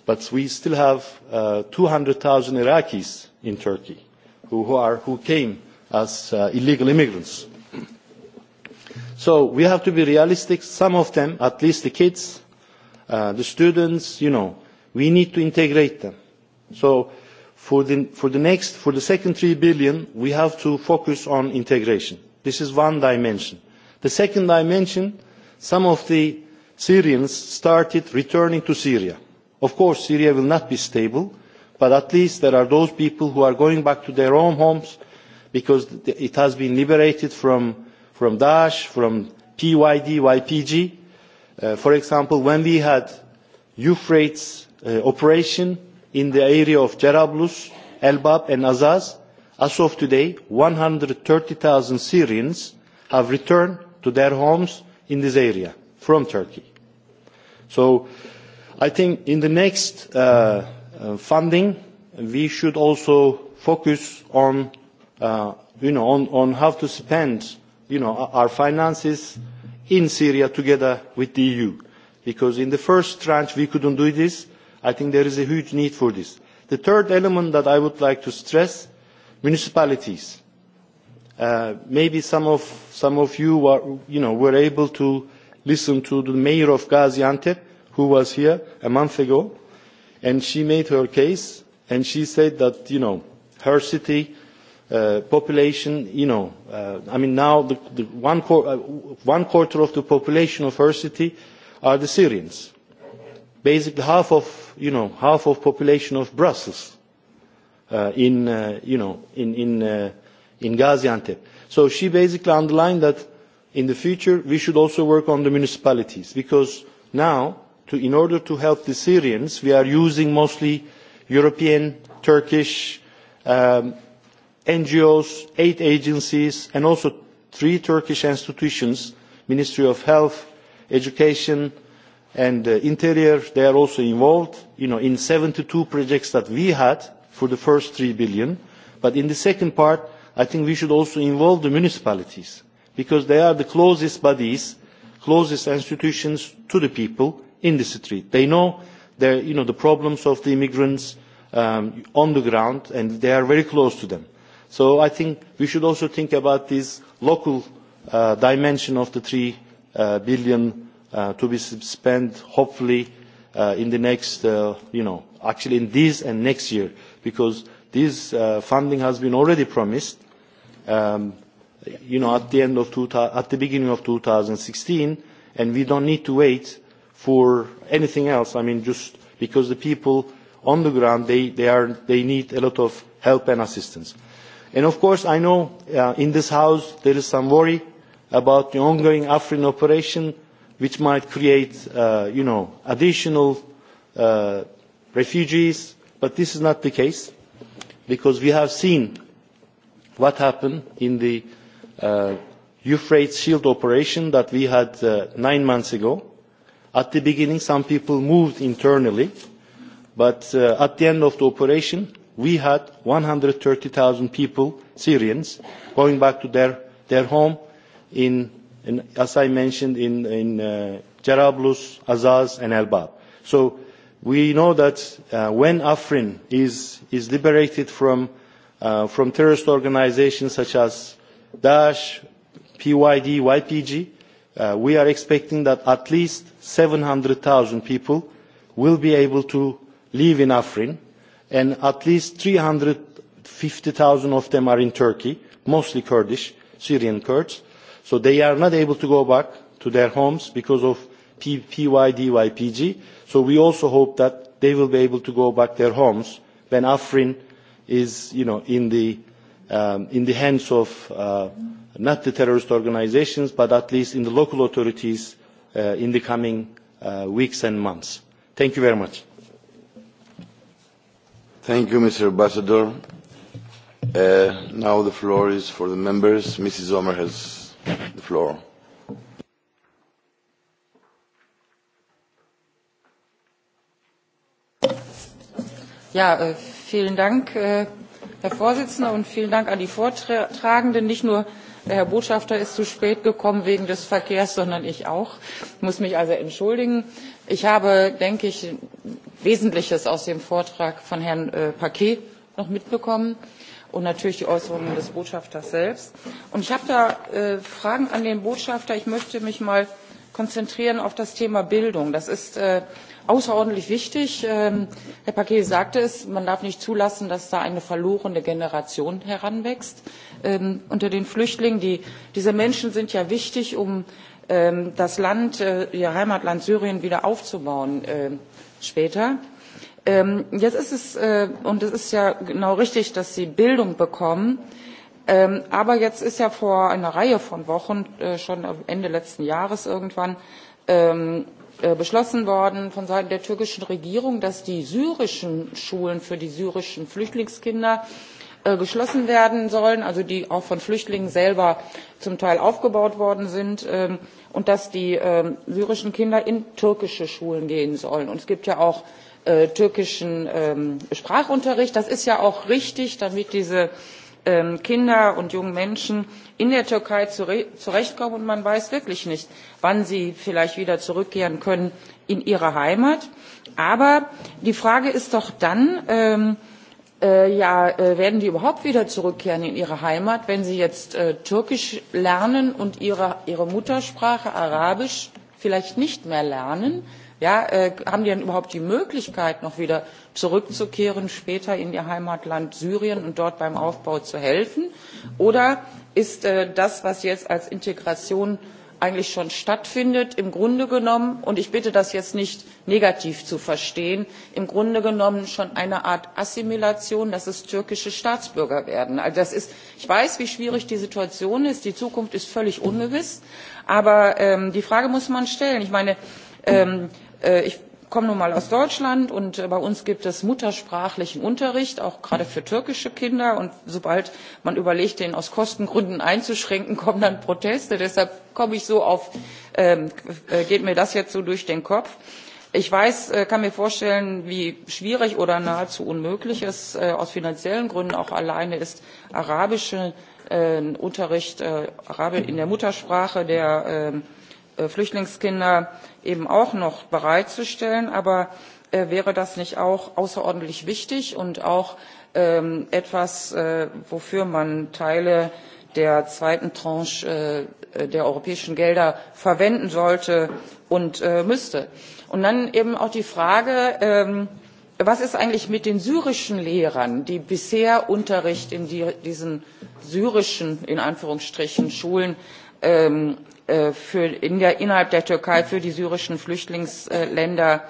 but we still have uh, 200,000 iraqis in turkey who, who are who came as uh, illegal immigrants so we have to be realistic some of them at least the kids uh, the students you know we need to integrate them so for the next for the second three billion we have to focus on integration. this is one dimension. the second dimension some of the syrians started returning to syria. of course syria will not be stable but at least there are those people who are going back to their own homes because it has been liberated from from daesh from pyd ypg uh, for example when we had euphrates uh, operation in the area of jarablus elbab and azaz as of today one hundred and thirty zero syrians have returned to their homes in this area from turkey. so i think in the next uh, uh, funding we should also focus on uh, you know on, on how to spend you know our finances in syria together with the eu because in the first tranche we couldn't do this i think there is a huge need for this. the third element that i would like to stress municipalities uh, maybe some of you were able to listen to the mayor of gaziantep who was here a month ago and she made her case and she said that you know her city uh, population you know uh, i mean now one quarter of the population of her city are the syrians basically half of you know half of population of Brussels uh, in uh, you know in in uh, in Gaziantep. So she basically underlined that in the future we should also work on the municipalities because now to, in order to help the Syrians we are using mostly European Turkish. Um, NGOs, eight agencies, and also three Turkish institutions, Ministry of Health, Education, uh, and uh, interior they are also involved in seventy two projects that we had for the first eur three billion but in the second part i think we should also involve the municipalities because they are the closest bodies closest institutions to the people in the street. they know you know, the problems of the immigrants um, on the ground and they are very close to them. So I think we should also think about this local uh, dimension of the 3 uh, billion uh, uh, to be spent hopefully uh, in the next, uh, you know, actually in this and next year, because this uh, funding has been already promised, um, you know, at the end of two th at the beginning of 2016, and we don't need to wait for anything else. I mean, just because the people on the ground, they, they, are, they need a lot of help and assistance. And of course, I know uh, in this house there is some worry about the ongoing Afrin operation, uh, which might create uh, additional uh, refugees but this is not the case because we have seen what happened in the uh, euphrates shield operation that we had nine months ago. at the beginning some people moved internally but at the end of the operation we had 130,000 people, Syrians, going back to their, their home in as I mentioned, in in uh, Jarablus, Azaz, and Elbab. So we know that uh, when Afrin is is liberated from uh, from terrorist organizations such as Daesh, PYD, YPG, uh, we are expecting that at least 700,000 people will be able to live in Afrin, and at least 350,000 of them are in Turkey, mostly Kurdish, Syrian Kurds. Uh, so they are not able to go back to their homes because of pydypg so we also hope that they will be able to go back to their homes when afrin is you know in the um, in the hands of uh, not the terrorist organizations but at least in the local authorities uh, in the coming uh, weeks and months thank you very much thank you mr ambassador uh, now the floor is for the members mrs omer has the floor. Ja, äh, vielen Dank, äh, Herr Vorsitzender, und vielen Dank an die Vortragenden. Nicht nur der äh, Herr Botschafter ist zu spät gekommen wegen des Verkehrs, sondern ich auch. Ich muss mich also entschuldigen. Ich habe, denke ich, Wesentliches aus dem Vortrag von Herrn Paquet noch mitbekommen und natürlich die Äußerungen des Botschafters selbst. Und ich habe da äh, Fragen an den Botschafter. Ich möchte mich mal konzentrieren auf das Thema Bildung. Das ist äh, außerordentlich wichtig. Ähm, Herr Paquet sagte es, man darf nicht zulassen, dass da eine verlorene Generation heranwächst. Ähm, unter den Flüchtlingen, die, diese Menschen sind ja wichtig, um ähm, das Land, äh, ihr Heimatland Syrien wieder aufzubauen äh, später. Ähm, jetzt ist es, äh, und es ist ja genau richtig, dass sie Bildung bekommen. Ähm, aber jetzt ist ja vor einer Reihe von Wochen, äh, schon Ende letzten Jahres irgendwann, ähm, äh, beschlossen worden von Seiten der türkischen Regierung, dass die syrischen Schulen für die syrischen Flüchtlingskinder geschlossen werden sollen, also die auch von Flüchtlingen selber zum Teil aufgebaut worden sind und dass die syrischen Kinder in türkische Schulen gehen sollen. Und es gibt ja auch Äh, türkischen ähm, Sprachunterricht. Das ist ja auch richtig, damit diese ähm, Kinder und jungen Menschen in der Türkei zurechtkommen. Und man weiß wirklich nicht, wann sie vielleicht wieder zurückkehren können in ihre Heimat. Aber die Frage ist doch dann, ähm, äh, ja, äh, werden die überhaupt wieder zurückkehren in ihre Heimat, wenn sie jetzt äh, Türkisch lernen und ihre, ihre Muttersprache Arabisch vielleicht nicht mehr lernen? Äh, Ja, äh, haben die denn überhaupt die Möglichkeit, noch wieder zurückzukehren, später in ihr Heimatland Syrien und dort beim Aufbau zu helfen? Oder ist äh, das, was jetzt als Integration eigentlich schon stattfindet, im Grunde genommen, und ich bitte das jetzt nicht negativ zu verstehen, im Grunde genommen schon eine Art Assimilation, dass es türkische Staatsbürger werden. Also das ist, ich weiß, wie schwierig die Situation ist, die Zukunft ist völlig ungewiss, aber ähm, die Frage muss man stellen. Ich meine, ähm, Äh, ich komme nun mal aus deutschland und bei uns gibt es muttersprachlichen unterricht auch gerade für türkische kinder und sobald man überlegt den aus kostengründen einzuschränken kommen dann proteste deshalb ähm, äh, geht mir das jetzt so durch den kopf. ich äh, kann mir vorstellen wie schwierig oder nahezu unmöglich es aus finanziellen gründen auch alleine ist arabischen unterricht in der muttersprache der ähm, flüchtlingskinder eben auch noch bereitzustellen. aber äh, wäre das nicht auch außerordentlich wichtig und auch ähm, etwas äh, wofür man teile der zweiten tranche äh, der europäischen gelder verwenden sollte und müsste? und dann eben auch die frage ähm, was ist eigentlich mit den syrischen lehrern die bisher unterricht in diesen syrischen in anführungsstrichen schulen ähm, Äh, für in der, innerhalb der Türkei für die syrischen Flüchtlingsländer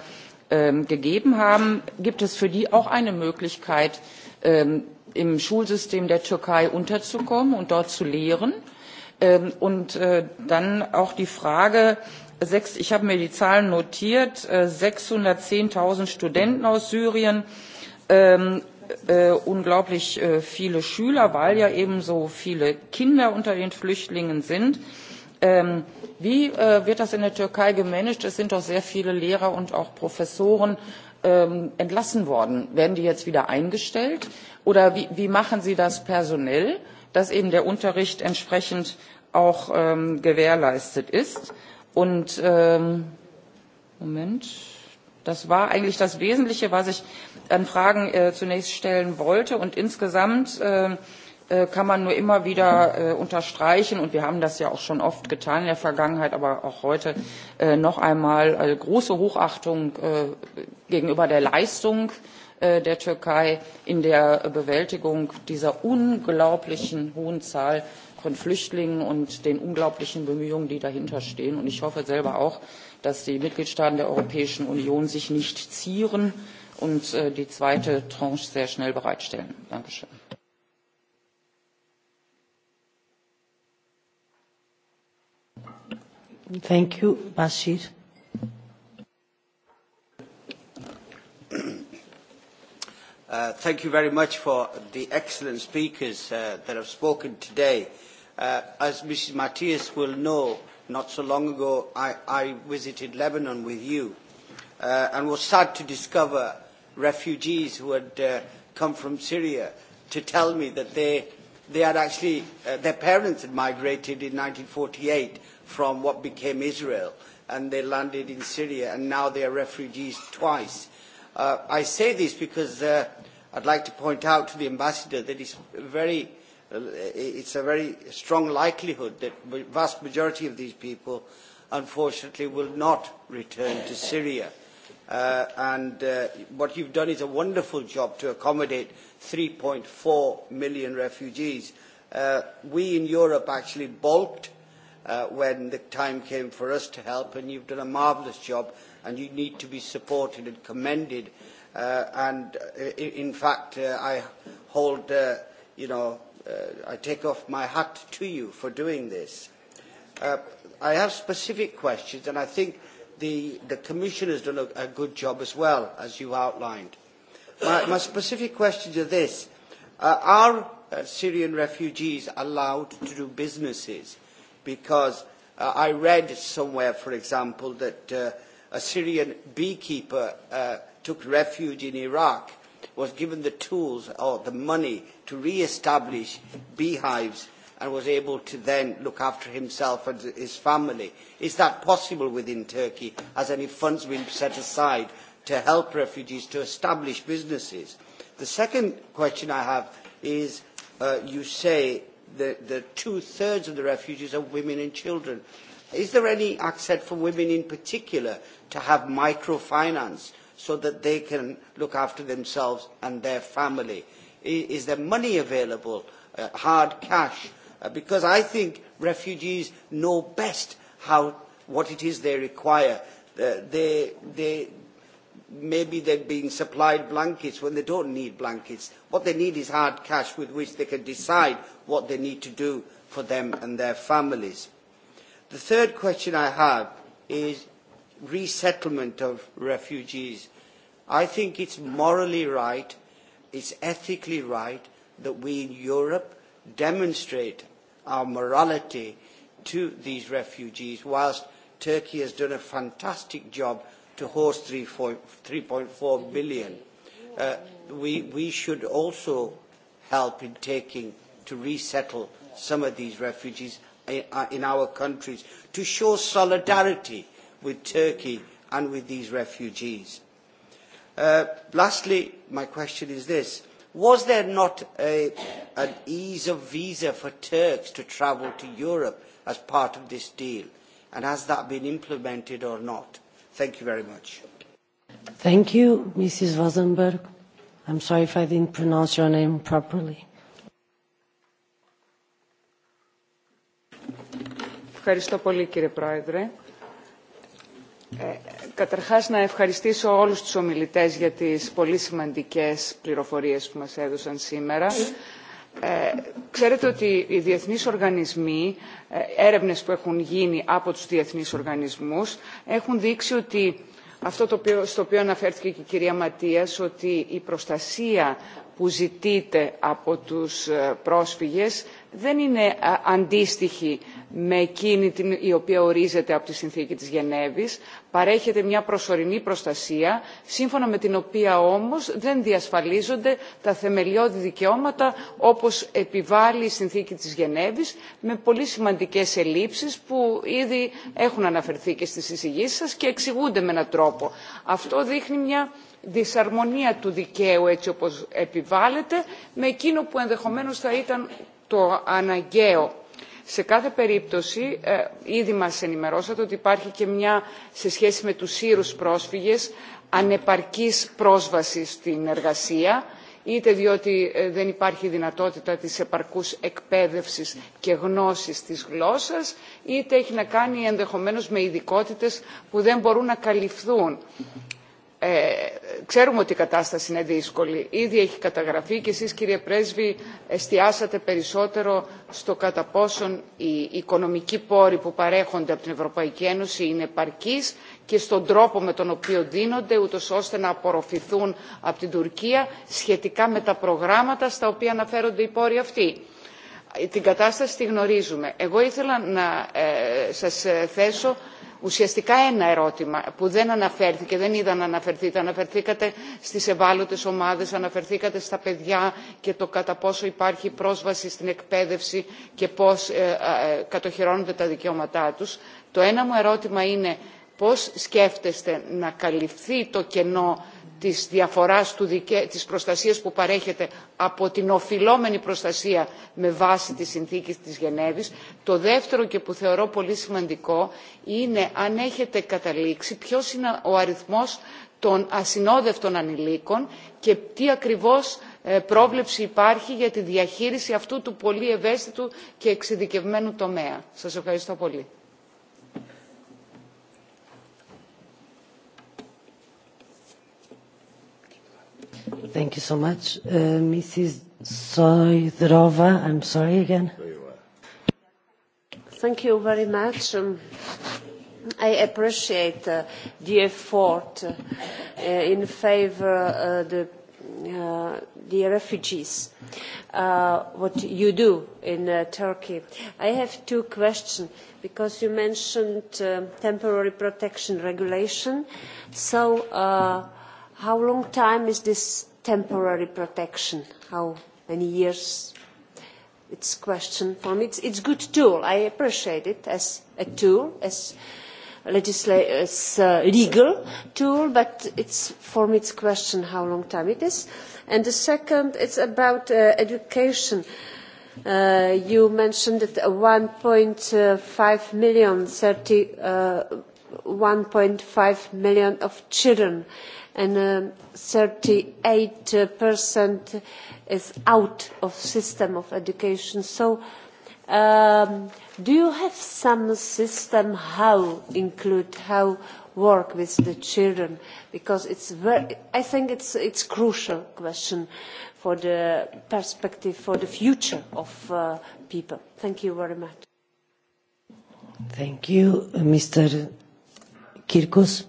ähm, gegeben haben. Gibt es für die auch eine Möglichkeit, ähm, im Schulsystem der Türkei unterzukommen und dort zu lehren? Ähm, und äh, dann auch die Frage, ich habe mir die Zahlen notiert, 610.000 äh, Studenten aus Syrien, unglaublich viele Schüler, weil ja eben so viele Kinder unter den Flüchtlingen sind. Ähm, wie äh, wird das in der türkei gemanagt? es sind doch sehr viele lehrer und auch professoren ähm, entlassen worden. werden die jetzt wieder eingestellt oder wie machen sie das personell dass eben der unterricht entsprechend auch ähm, gewährleistet ist? und moment das war eigentlich das wesentliche was ich an fragen äh, zunächst stellen wollte und insgesamt Äh, kann man nur immer wieder äh, unterstreichen und wir haben das ja auch schon oft getan in der Vergangenheit, aber auch heute äh, noch einmal äh, große Hochachtung äh, gegenüber der Leistung äh, der Türkei in der Bewältigung dieser unglaublichen hohen Zahl von Flüchtlingen und den unglaublichen Bemühungen, die dahinter stehen. Und ich hoffe selber auch, dass die Mitgliedstaaten der Europäischen Union sich nicht zieren und äh, die zweite Tranche sehr schnell bereitstellen. Dankeschön. Uh, thank you very much for the excellent speakers uh, that have spoken today. Uh, as mrs matias will know, not so long ago i, I visited lebanon with you uh, and was sad to discover refugees who had uh, come from syria to tell me that they, they had actually, uh, their parents had migrated in 1948 from what became Israel, and they landed in Syria, and now they are refugees twice. Uh, I say this because uh, I'd like to point out to the ambassador that it's, very, uh, it's a very strong likelihood that the vast majority of these people, unfortunately, will not return to Syria. Uh, and uh, what you've done is a wonderful job to accommodate 3.4 million refugees. Uh, we in Europe actually bulked uh, when the time came for us to help, and you've done a marvellous job, and you need to be supported and commended. Uh, and uh, in fact, uh, I hold, uh, you know, uh, I take off my hat to you for doing this. Uh, I have specific questions, and I think the, the Commission has done a, a good job as well, as you outlined. My, my specific questions are this. Uh, are uh, Syrian refugees allowed to do businesses? because uh, I read somewhere, for example, that uh, a Syrian beekeeper uh, took refuge in Iraq, was given the tools or the money to re-establish beehives and was able to then look after himself and his family. Is that possible within Turkey? Has any funds been set aside to help refugees to establish businesses? The second question I have is, uh, you say the, the two-thirds of the refugees are women and children. Is there any access for women in particular to have microfinance so that they can look after themselves and their family? Is there money available, uh, hard cash? Uh, because I think refugees know best how, what it is they require. Uh, they, they, maybe they're being supplied blankets when they don't need blankets. What they need is hard cash with which they can decide what they need to do for them and their families. The third question I have is resettlement of refugees. I think it's morally right, it's ethically right that we in Europe demonstrate our morality to these refugees whilst Turkey has done a fantastic job to host 3.4 billion. Uh, we, we should also help in taking to resettle some of these refugees uh, uh, in our countries to show solidarity with Turkey and with these refugees. Uh, lastly, my question is this. Was there not a, an ease of visa for Turks to travel to Europe as part of this deal? And has that been implemented or not? thank you very much. Thank you, Mrs. Rosenberg. I'm sorry if I didn't pronounce your name properly. Ευχαριστώ πολύ, κύριε Πρόεδρε. Ε, καταρχάς, να ευχαριστήσω όλους τους ομιλητές για τις πολύ σημαντικές πληροφορίες που μας έδωσαν σήμερα. Ε ξέρετε οι διεθνείς οργανισμοί, έρευνες που έχουν γίνει από τους διεθνείς οργανισμούς, έχουν δείξει ότι αυτό το οποίο, στο οποίο αναφέρθηκε και η κυρία Ματίας, ότι η προστασία που ζητείται από τους πρόσφυγες δεν είναι αντίστοιχη με εκείνη την η οποία ορίζεται από τη συνθήκη της Γενέβης, παρέχεται μια προσωρινή προστασία, σύμφωνα με την οποία όμως δεν διασφαλίζονται τα θεμελιώδη δικαιώματα όπως επιβάλλει η συνθήκη της Γενέβης, με πολύ σημαντικές ελλείψεις που ήδη έχουν αναφερθεί και στις εισηγήσεις σας και εξηγούνται με έναν τρόπο. Αυτό δείχνει μια δυσαρμονία του δικαίου έτσι όπως επιβάλλεται με εκείνο που ενδεχομένως θα ήταν το αναγκαίο. Σε κάθε περίπτωση, ε, ήδη μας ενημερώσατε ότι υπάρχει και μια, σε σχέση με τους Ήρους πρόσφυγες, ανεπαρκής πρόσβαση στην εργασία, είτε διότι ε, δεν υπάρχει δυνατότητα της επαρκούς εκπαίδευσης και γνώσης της γλώσσας, είτε έχει να κάνει ενδεχομένως με ειδικότητες που δεν μπορούν να καλυφθούν ε, ξέρουμε ότι η κατάσταση είναι δύσκολη. Ήδη έχει καταγραφεί και εσείς κύριε Πρέσβη εστιάσατε περισσότερο στο κατά πόσον οι οικονομικοί πόροι που παρέχονται από την Ευρωπαϊκή Ένωση είναι επαρκείς και στον τρόπο με τον οποίο δίνονται ούτως ώστε να απορροφηθούν από την Τουρκία σχετικά με τα προγράμματα στα οποία αναφέρονται οι πόροι αυτοί. Την κατάσταση τη γνωρίζουμε. Εγώ ήθελα να ε, σας θέσω ουσιαστικά ένα ερώτημα που δεν αναφέρθηκε, δεν είδα να αναφερθείτε. Αναφερθήκατε στις ευάλωτες ομάδες, αναφερθήκατε στα παιδιά και το κατά πόσο υπάρχει πρόσβαση στην εκπαίδευση και πώς ε, ε, κατοχυρώνονται τα δικαιώματά τους. Το ένα μου ερώτημα είναι πώς σκέφτεστε να καλυφθεί το κενό της διαφοράς του δικαι... της προστασίας που παρέχεται από την οφειλόμενη προστασία με βάση τη συνθήκη της Γενέβης. Το δεύτερο και που θεωρώ πολύ σημαντικό είναι αν έχετε καταλήξει ποιος είναι ο αριθμός των ασυνόδευτων ανηλίκων και τι ακριβώς πρόβλεψη υπάρχει για τη διαχείριση αυτού του πολύ ευαίσθητου και εξειδικευμένου τομέα. Σας ευχαριστώ πολύ. Thank you so much. Uh, Mrs. Sojdrova, I'm sorry again. Thank you very much. Um, I appreciate uh, the effort uh, uh in favor of uh, the, uh, the refugees, uh, what you do in uh, Turkey. I have two questions because you mentioned uh, temporary protection regulation. So, uh, how long time is this temporary protection? How many years? It's question for me. It's, it's good tool. I appreciate it as a tool, as legisl- as a uh, legal tool. But it's for me. It's question how long time it is. And the second, it's about uh, education. Uh, you mentioned that 1.5 uh, million, 30, uh, 1.5 million of children uh, and uh, thirty eight is out of the system of education. so um, do you have some system how to include how to work with the children because it's very, i think it's, it's a crucial question for the perspective for the future of uh, people. Thank you very much. Thank you, Mr. Kirkus.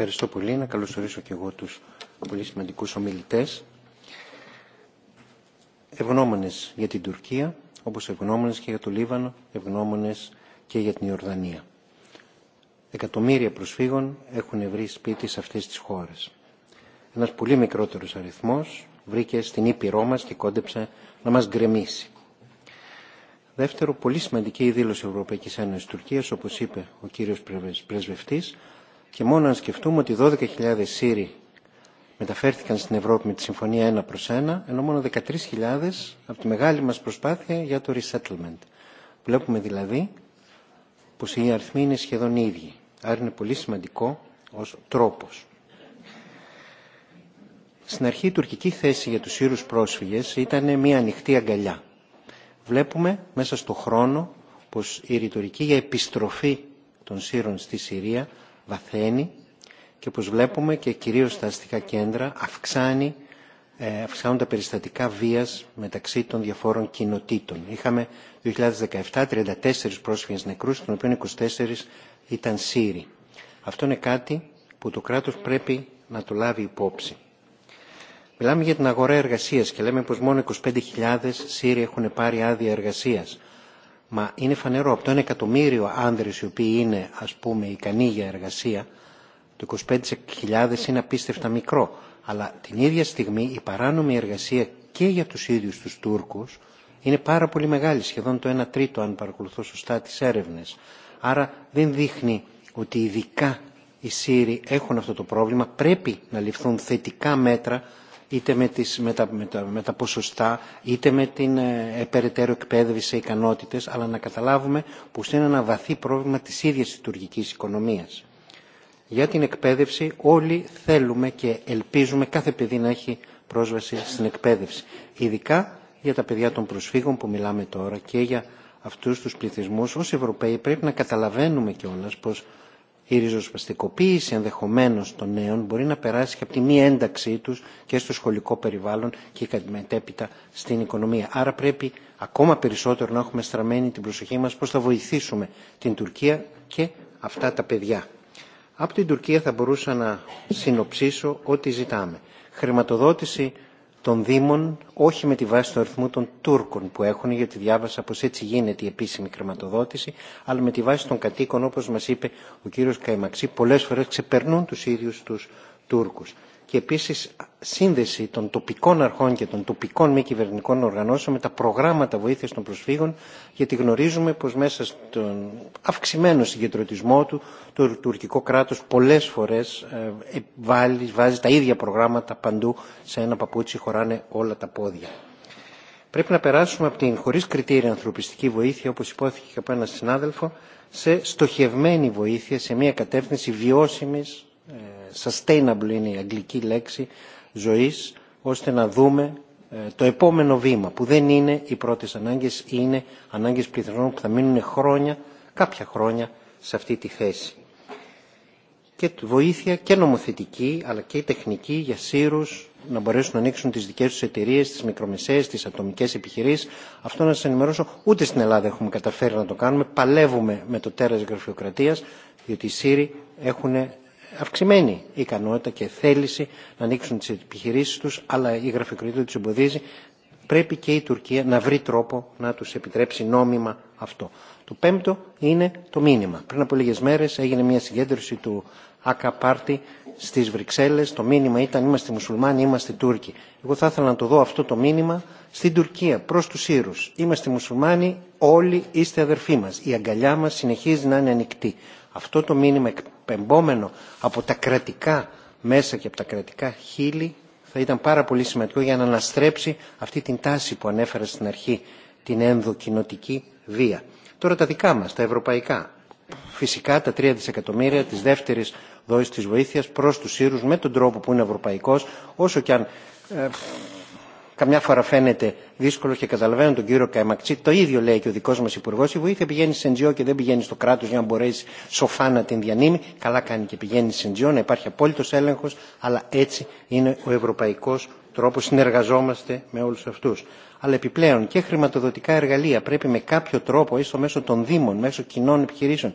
Ευχαριστώ πολύ. Να καλωσορίσω και εγώ τους πολύ σημαντικούς ομιλητές. Ευγνώμονες για την Τουρκία, όπως ευγνώμονες και για το Λίβανο, ευγνώμονες και για την Ιορδανία. Εκατομμύρια προσφύγων έχουν βρει σπίτι σε αυτές τις χώρες. Ένας πολύ μικρότερος αριθμός βρήκε στην Ήπειρό μας και κόντεψε να μας γκρεμίσει. Δεύτερο, πολύ σημαντική η δήλωση Ευρωπαϊκής Ένωσης Τουρκίας, όπως είπε ο κύριος πρεσβευτής, Και μόνο αν σκεφτούμε ότι 12.000 Σύριοι μεταφέρθηκαν στην Ευρώπη με τη συμφωνία 1 προς 1, ενώ μόνο 13.000 από τη μεγάλη μας προσπάθεια για το resettlement. Βλέπουμε δηλαδή πως οι αριθμοί είναι σχεδόν οι ίδιοι. Άρα είναι πολύ σημαντικό ως τρόπος. Στην αρχή η τουρκική θέση για τους Σύρους πρόσφυγες ήταν μια ανοιχτή αγκαλιά. Βλέπουμε μέσα στον χρόνο πως η ρητορική για επιστροφή των Σύρων στη Συρία βαθαίνει και όπως βλέπουμε και κυρίως στα αστικά κέντρα αυξάνει, ε, αυξάνουν τα περιστατικά βίας μεταξύ των διαφόρων κοινοτήτων. Είχαμε 2017 34 πρόσφυγες νεκρούς, των οποίων 24 ήταν Σύριοι. Αυτό είναι κάτι που το κράτος πρέπει να το λάβει υπόψη. Μιλάμε για την αγορά εργασίας και λέμε πως μόνο 25.000 Σύριοι έχουν πάρει άδεια εργασίας. Μα είναι φανερό από το 1 εκατομμύριο άνδρε οι οποίοι είναι, α πούμε, ικανοί για εργασία, το 25.000 είναι απίστευτα μικρό. Αλλά την ίδια στιγμή η παράνομη εργασία και για του ίδιου του Τούρκου είναι πάρα πολύ μεγάλη, σχεδόν το 1 τρίτο, αν παρακολουθώ σωστά τι έρευνε. Άρα δεν δείχνει ότι ειδικά οι Σύριοι έχουν αυτό το πρόβλημα. Πρέπει να ληφθούν θετικά μέτρα είτε με, τις, με, τα, με, τα, με τα ποσοστά, είτε με την ε, περαιτέρω εκπαίδευση σε ικανότητες, αλλά να καταλάβουμε πως είναι ένα βαθύ πρόβλημα της ίδιας λειτουργικής οικονομίας. Για την εκπαίδευση όλοι θέλουμε και ελπίζουμε κάθε παιδί να έχει πρόσβαση στην εκπαίδευση. Ειδικά για τα παιδιά των προσφύγων που μιλάμε τώρα και για αυτούς τους πληθυσμούς. Ως Ευρωπαίοι πρέπει να καταλαβαίνουμε κιόλας πως η ριζοσπαστικοποίηση ενδεχομένω των νέων μπορεί να περάσει και από τη μη ένταξή του και στο σχολικό περιβάλλον και μετέπειτα στην οικονομία. Άρα πρέπει ακόμα περισσότερο να έχουμε στραμμένη την προσοχή μα πώ θα βοηθήσουμε την Τουρκία και αυτά τα παιδιά. Από την Τουρκία θα μπορούσα να συνοψίσω ό,τι ζητάμε. Χρηματοδότηση των Δήμων, όχι με τη βάση του αριθμού των Τούρκων που έχουν, γιατί διάβασα πως έτσι γίνεται η επίσημη χρηματοδότηση, αλλά με τη βάση των κατοίκων, όπως μας είπε ο κύριος Καϊμαξή, πολλές φορές ξεπερνούν τους ίδιους τους Τούρκους και επίσης σύνδεση των τοπικών αρχών και των τοπικών μη κυβερνητικών οργανώσεων με τα προγράμματα βοήθειας των προσφύγων, γιατί γνωρίζουμε πως μέσα στον αυξημένο συγκεντρωτισμό του, το τουρκικό κράτος πολλές φορές ε, βάλει, βάζει τα ίδια προγράμματα παντού σε ένα παπούτσι, χωράνε όλα τα πόδια. Πρέπει να περάσουμε από την χωρίς κριτήρια ανθρωπιστική βοήθεια, όπως υπόθηκε και από έναν συνάδελφο, σε στοχευμένη βοήθεια, σε μια κατεύθυνση βιώσιμης ε, sustainable είναι η αγγλική λέξη ζωής ώστε να δούμε το επόμενο βήμα που δεν είναι οι πρώτες ανάγκες είναι ανάγκες πληθυνών που θα μείνουν χρόνια, κάποια χρόνια σε αυτή τη θέση. Και βοήθεια και νομοθετική αλλά και τεχνική για σύρους να μπορέσουν να ανοίξουν τις δικές τους εταιρείε, τις μικρομεσαίες, τις ατομικές επιχειρήσεις. Αυτό να σας ενημερώσω, ούτε στην Ελλάδα έχουμε καταφέρει να το κάνουμε. Παλεύουμε με το τέρας γραφειοκρατίας, διότι οι Σύροι έχουν αυξημένη ικανότητα και θέληση να ανοίξουν τις επιχειρήσεις τους, αλλά η γραφειοκρατία τους εμποδίζει, πρέπει και η Τουρκία να βρει τρόπο να τους επιτρέψει νόμιμα αυτό. Το πέμπτο είναι το μήνυμα. Πριν από λίγες μέρες έγινε μια συγκέντρωση του ΑΚΑ Πάρτι στις Βρυξέλλες. Το μήνυμα ήταν είμαστε μουσουλμάνοι, είμαστε Τούρκοι. Εγώ θα ήθελα να το δω αυτό το μήνυμα στην Τουρκία προς τους Ήρους. Είμαστε μουσουλμάνοι, όλοι είστε αδερφοί μας. Η αγκαλιά μας συνεχίζει να είναι ανοιχτή. Αυτό το μήνυμα εκπεμπόμενο από τα κρατικά μέσα και από τα κρατικά χείλη θα ήταν πάρα πολύ σημαντικό για να αναστρέψει αυτή την τάση που ανέφερα στην αρχή, την ενδοκοινοτική βία. Τώρα τα δικά μας, τα ευρωπαϊκά. Φυσικά τα 3 δισεκατομμύρια της δεύτερης δόσης της βοήθειας προς τους Σύρους με τον τρόπο που είναι ευρωπαϊκός, όσο και αν ε, καμιά φορά φαίνεται δύσκολο και καταλαβαίνω τον κύριο Καϊμακτσί, το ίδιο λέει και ο δικό μα υπουργό. Η βοήθεια πηγαίνει σε NGO και δεν πηγαίνει στο κράτο για να μπορέσει σοφά να την διανύμει. Καλά κάνει και πηγαίνει σε NGO, να υπάρχει απόλυτο έλεγχο, αλλά έτσι είναι ο ευρωπαϊκό τρόπο. Συνεργαζόμαστε με όλου αυτού. Αλλά επιπλέον και χρηματοδοτικά εργαλεία πρέπει με κάποιο τρόπο, έστω μέσω των Δήμων, μέσω κοινών επιχειρήσεων,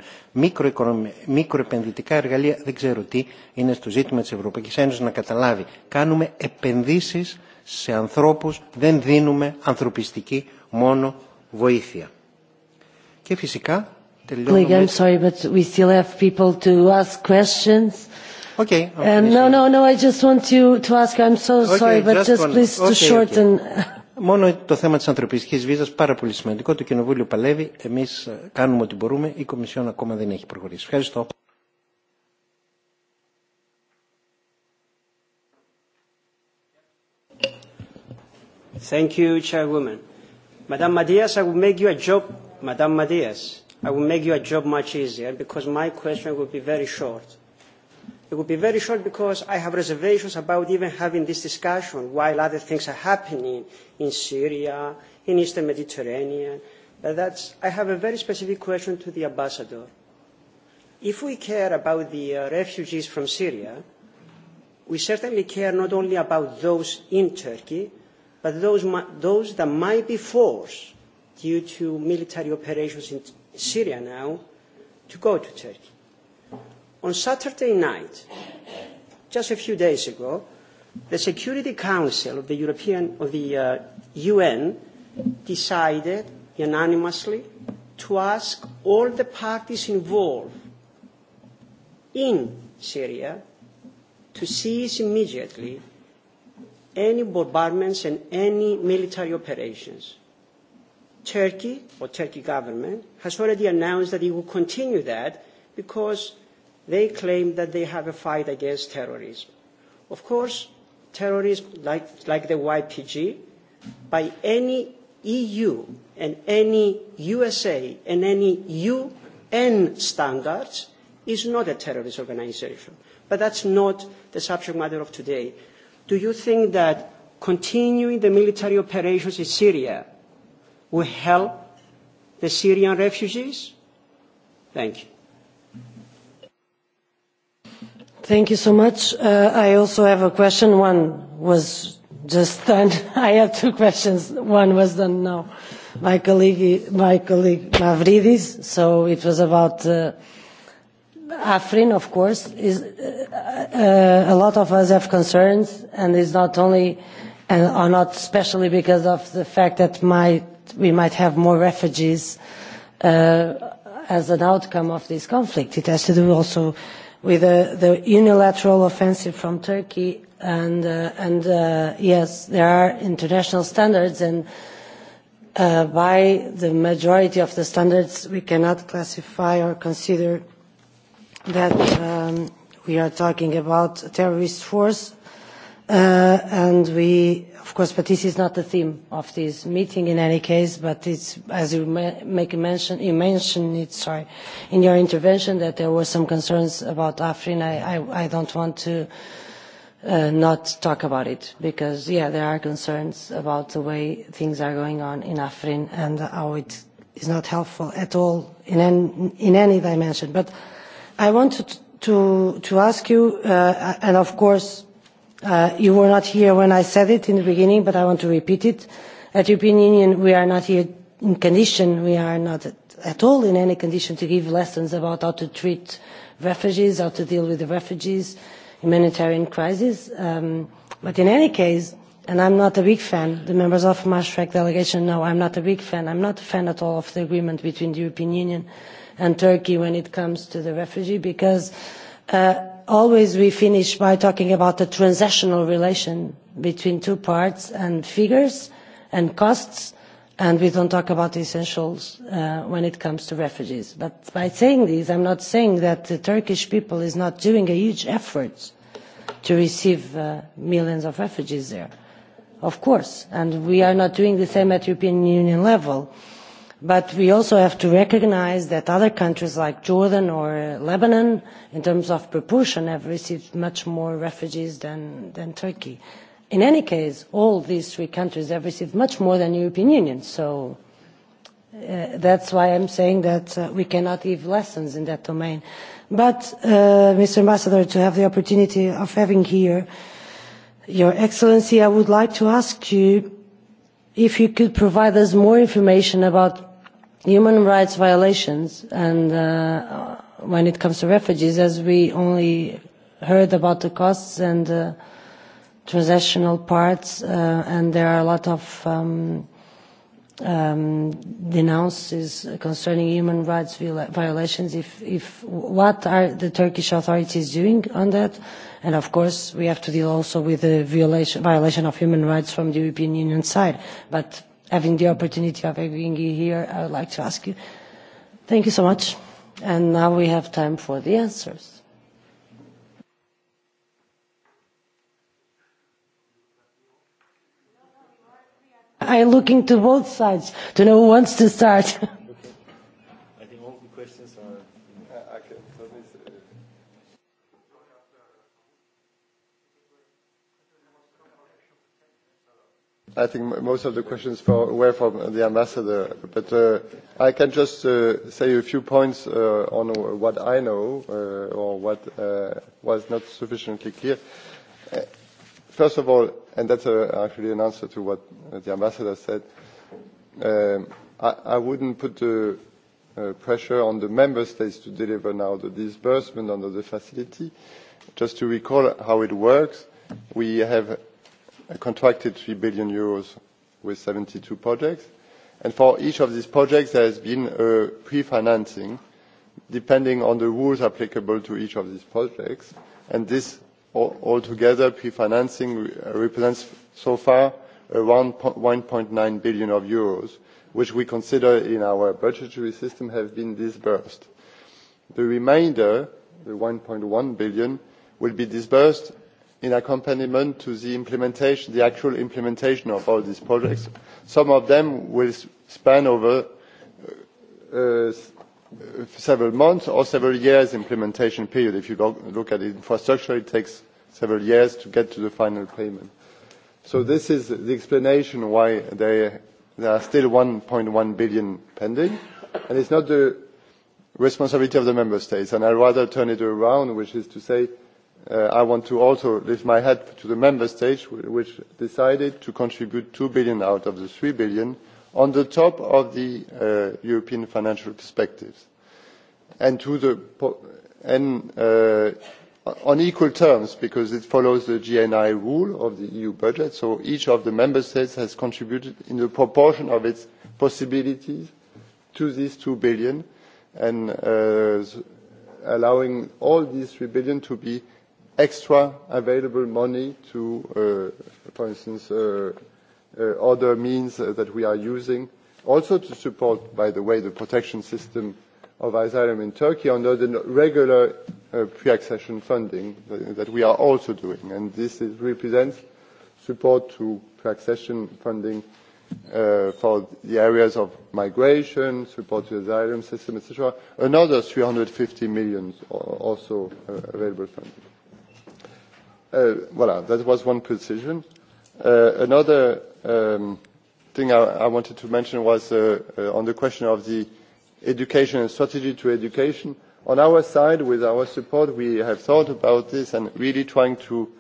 μικροεπενδυτικά εργαλεία, δεν ξέρω τι, είναι στο ζήτημα τη Ευρωπαϊκή Ένωση να καταλάβει. Κάνουμε επενδύσει σε ανθρώπους δεν δίνουμε ανθρωπιστική μόνο βοήθεια. Και φυσικά I'm sorry, but we still have people to ask questions. Okay. okay um, no, no, no, I just want to, to ask, I'm so okay, sorry, just but just one. please okay, to shorten. Okay. Μόνο το θέμα της ανθρωπιστικής βίζας, πάρα πολύ σημαντικό, το Κοινοβούλιο παλεύει, εμείς κάνουμε ό,τι μπορούμε, η Κομισιόν ακόμα δεν έχει προχωρήσει. Ευχαριστώ. Thank you, Chairwoman. Madam Matias, I will make you a job, Madam Matias, I will make you a job much easier because my question will be very short. It will be very short because I have reservations about even having this discussion while other things are happening in Syria, in Eastern Mediterranean. But uh, that's, I have a very specific question to the ambassador. If we care about the uh, refugees from Syria, we certainly care not only about those in Turkey, but those, those that might be forced due to military operations in Syria now to go to Turkey. On Saturday night, just a few days ago, the Security Council of the, European, of the uh, UN decided unanimously to ask all the parties involved in Syria to cease immediately any bombardments and any military operations. Turkey or Turkey government has already announced that it will continue that because they claim that they have a fight against terrorism. Of course, terrorism like, like the YPG, by any EU and any USA and any UN standards, is not a terrorist organization. But that's not the subject matter of today do you think that continuing the military operations in Syria will help the Syrian refugees? Thank you. Thank you so much. Uh, I also have a question. One was just done. I have two questions. One was done now. My colleague, my colleague Mavridis. So it was about uh, Afrin, of course, is uh, uh, a lot of us have concerns, and it's not only and are not especially because of the fact that might, we might have more refugees uh, as an outcome of this conflict. It has to do also with uh, the unilateral offensive from Turkey, and uh, and uh, yes, there are international standards and. Uh, by the majority of the standards, we cannot classify or consider that um, we are talking about a terrorist force. Uh, and we, of course, but this is not the theme of this meeting in any case, but it's, as you ma- make a mention, you mentioned it, sorry, in your intervention that there were some concerns about Afrin. I, I, I don't want to uh, not talk about it because, yeah, there are concerns about the way things are going on in Afrin and how it is not helpful at all in, en- in any dimension. But I wanted to, to ask you, uh, and of course, uh, you were not here when I said it in the beginning, but I want to repeat it. At European Union, we are not here in condition, we are not at, at all in any condition to give lessons about how to treat refugees, how to deal with the refugees, humanitarian crisis. Um, but in any case, and I'm not a big fan, the members of Maastricht delegation know I'm not a big fan, I'm not a fan at all of the agreement between the European Union and Turkey when it comes to the refugee, because uh, always we finish by talking about the transactional relation between two parts and figures and costs, and we don't talk about essentials uh, when it comes to refugees. But by saying this, I'm not saying that the Turkish people is not doing a huge effort to receive uh, millions of refugees there. Of course, and we are not doing the same at European Union level. Uh, But we also have to recognize that other countries like Jordan or Lebanon, in terms of proportion, have received much more refugees than, than Turkey. In any case, all these three countries have received much more than the European Union. So uh, that's why I'm saying that uh, we cannot give lessons in that domain. But, uh, Mr. Ambassador, to have the opportunity of having here Your Excellency, I would like to ask you if you could provide us more information about human rights violations and uh, when it comes to refugees, as we only heard about the costs and uh, transactional parts, uh, and there are a lot of um, um, denounces concerning human rights violations. If, if what are the Turkish authorities doing on that? And of course, we have to deal also with the violation, violation of human rights from the European Union side. But having the opportunity of having you here, I would like to ask you. Thank you so much. And now we have time for the answers. I'm looking to both sides to know who wants to start. I think most of the questions for, were from the ambassador, but uh, I can just uh, say a few points uh, on what I know uh, or what uh, was not sufficiently clear. Uh, first of all, and that's uh, actually an answer to what the ambassador said, um, I, I wouldn't put the uh, pressure on the member states to deliver now the disbursement under the facility. Just to recall how it works, we have contracted 3 billion euros with 72 projects. For each of these projects, there has been a pre-financing depending on the rules applicable to each of these projects. This altogether pre-financing uh, represents so far around 1.9 billion euros, which we consider in our budgetary system have been disbursed. The remainder, the 1.1 billion, will be disbursed in accompaniment to the implementation, the actual implementation of all these projects. Some of them will span over uh, several months or several years implementation period. If you look at infrastructure, it takes several years to get to the final payment. So this is the explanation why they, there are still 1.1 billion pending. And it's not the responsibility of the member states. And I'd rather turn it around, which is to say, uh, I want to also lift my hat to the member states which decided to contribute 2 billion out of the 3 billion on the top of the uh, European financial perspectives. And to the and, uh, on equal terms because it follows the GNI rule of the EU budget, so each of the member states has contributed in the proportion of its possibilities to these 2 billion and uh, allowing all these 3 billion to be uh, extra available money to, uh, for instance, uh, uh, other means that we are using. Also to support, by the way, the protection system of asylum in Turkey under the regular pre-accession funding that we are also doing. This represents support to pre-accession funding for the areas of migration, support to asylum system, et cetera. Another 350 million also available funding. Uh, voilà, that was one position. Uh, another um, thing I, I wanted to mention was uh, uh, on the question of the education and strategy to education. On our side, with our support, we have thought about this and really trying to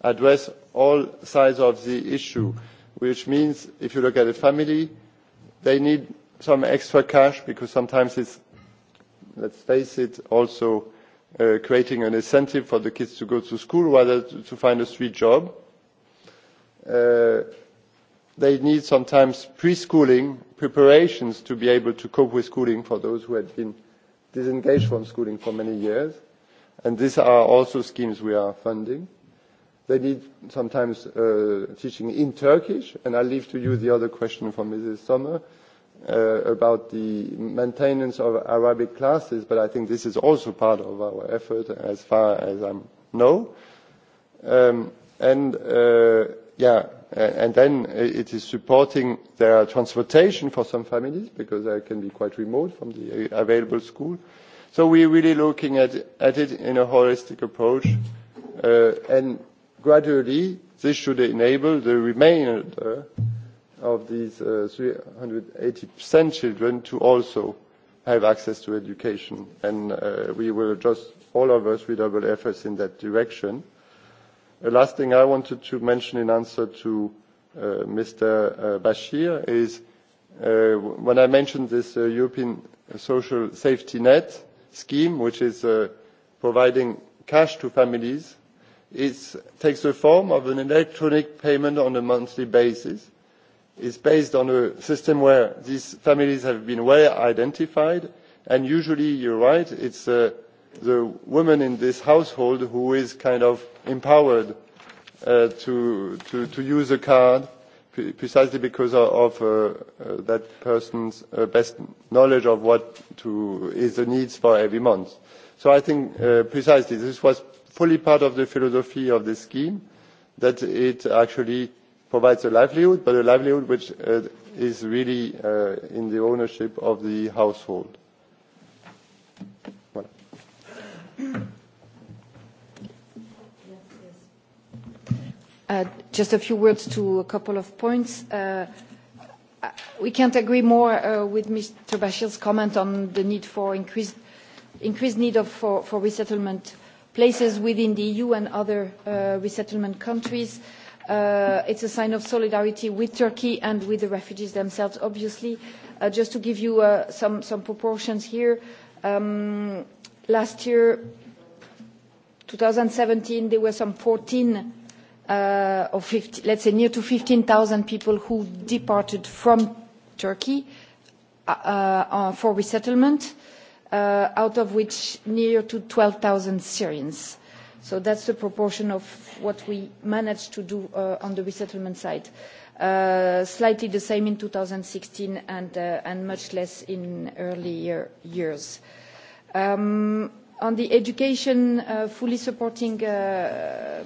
address all sides of the issue, which means if you look at a family, they need some extra cash because sometimes it's, let's face it, also uh, Uh, creating an incentive for the kids to go to school rather than to find a street job. Uh, they need sometimes preschooling preparations to be able to cope with schooling for those who had been disengaged from schooling for many years. And these are also schemes we are funding. They need sometimes uh, teaching in Turkish, and I leave to you the other question from Mrs. Sommer. Uh, uh, about the maintenance of Arabic classes, but I think this is also part of our effort as far as I know. Um, and uh, yeah, and then it is supporting their transportation for some families because they can be quite remote from the available school. So we're really looking at, at it in a holistic approach. Uh, and gradually, this should enable the remainder of these uh, 380% children to also have access to education. And uh, we will adjust all of us with double efforts in that direction. The last thing I wanted to mention in answer to uh, Mr. Uh, Bashir is uh, when I mentioned this uh, European social safety net scheme, which is uh, providing cash to families, it takes the form of an electronic payment on a monthly basis is based on a system where these families have been well identified and usually you're right it's uh, the woman in this household who is kind of empowered uh, to, to, to use a card precisely because of, of uh, uh, that person's uh, best knowledge of what to, is the needs for every month. So I think uh, precisely this was fully part of the philosophy of the scheme that it actually provides a livelihood, but a livelihood which uh, is really uh, in the ownership of the household. Voilà. Uh, just a few words to a couple of points. Uh, uh we can't agree more uh, with Mr. Bashir's comment on the need for increased, increased need of, for, for resettlement places within the EU and other uh, resettlement countries. Uh, uh, it's a sign of solidarity with Turkey and with the refugees themselves, obviously. Uh, just to give you uh, some, some proportions here, um, last year, 2017, there were some 14 uh, or 15, let's say near to 15,000 people who departed from Turkey uh, uh, for resettlement, uh, out of which near to 12,000 Syrians. Uh, so that's the proportion of what we managed to do uh, on the resettlement side. Uh, slightly the same in 2016 and, uh, and much less in earlier years. Um, on the education, uh, fully supporting uh,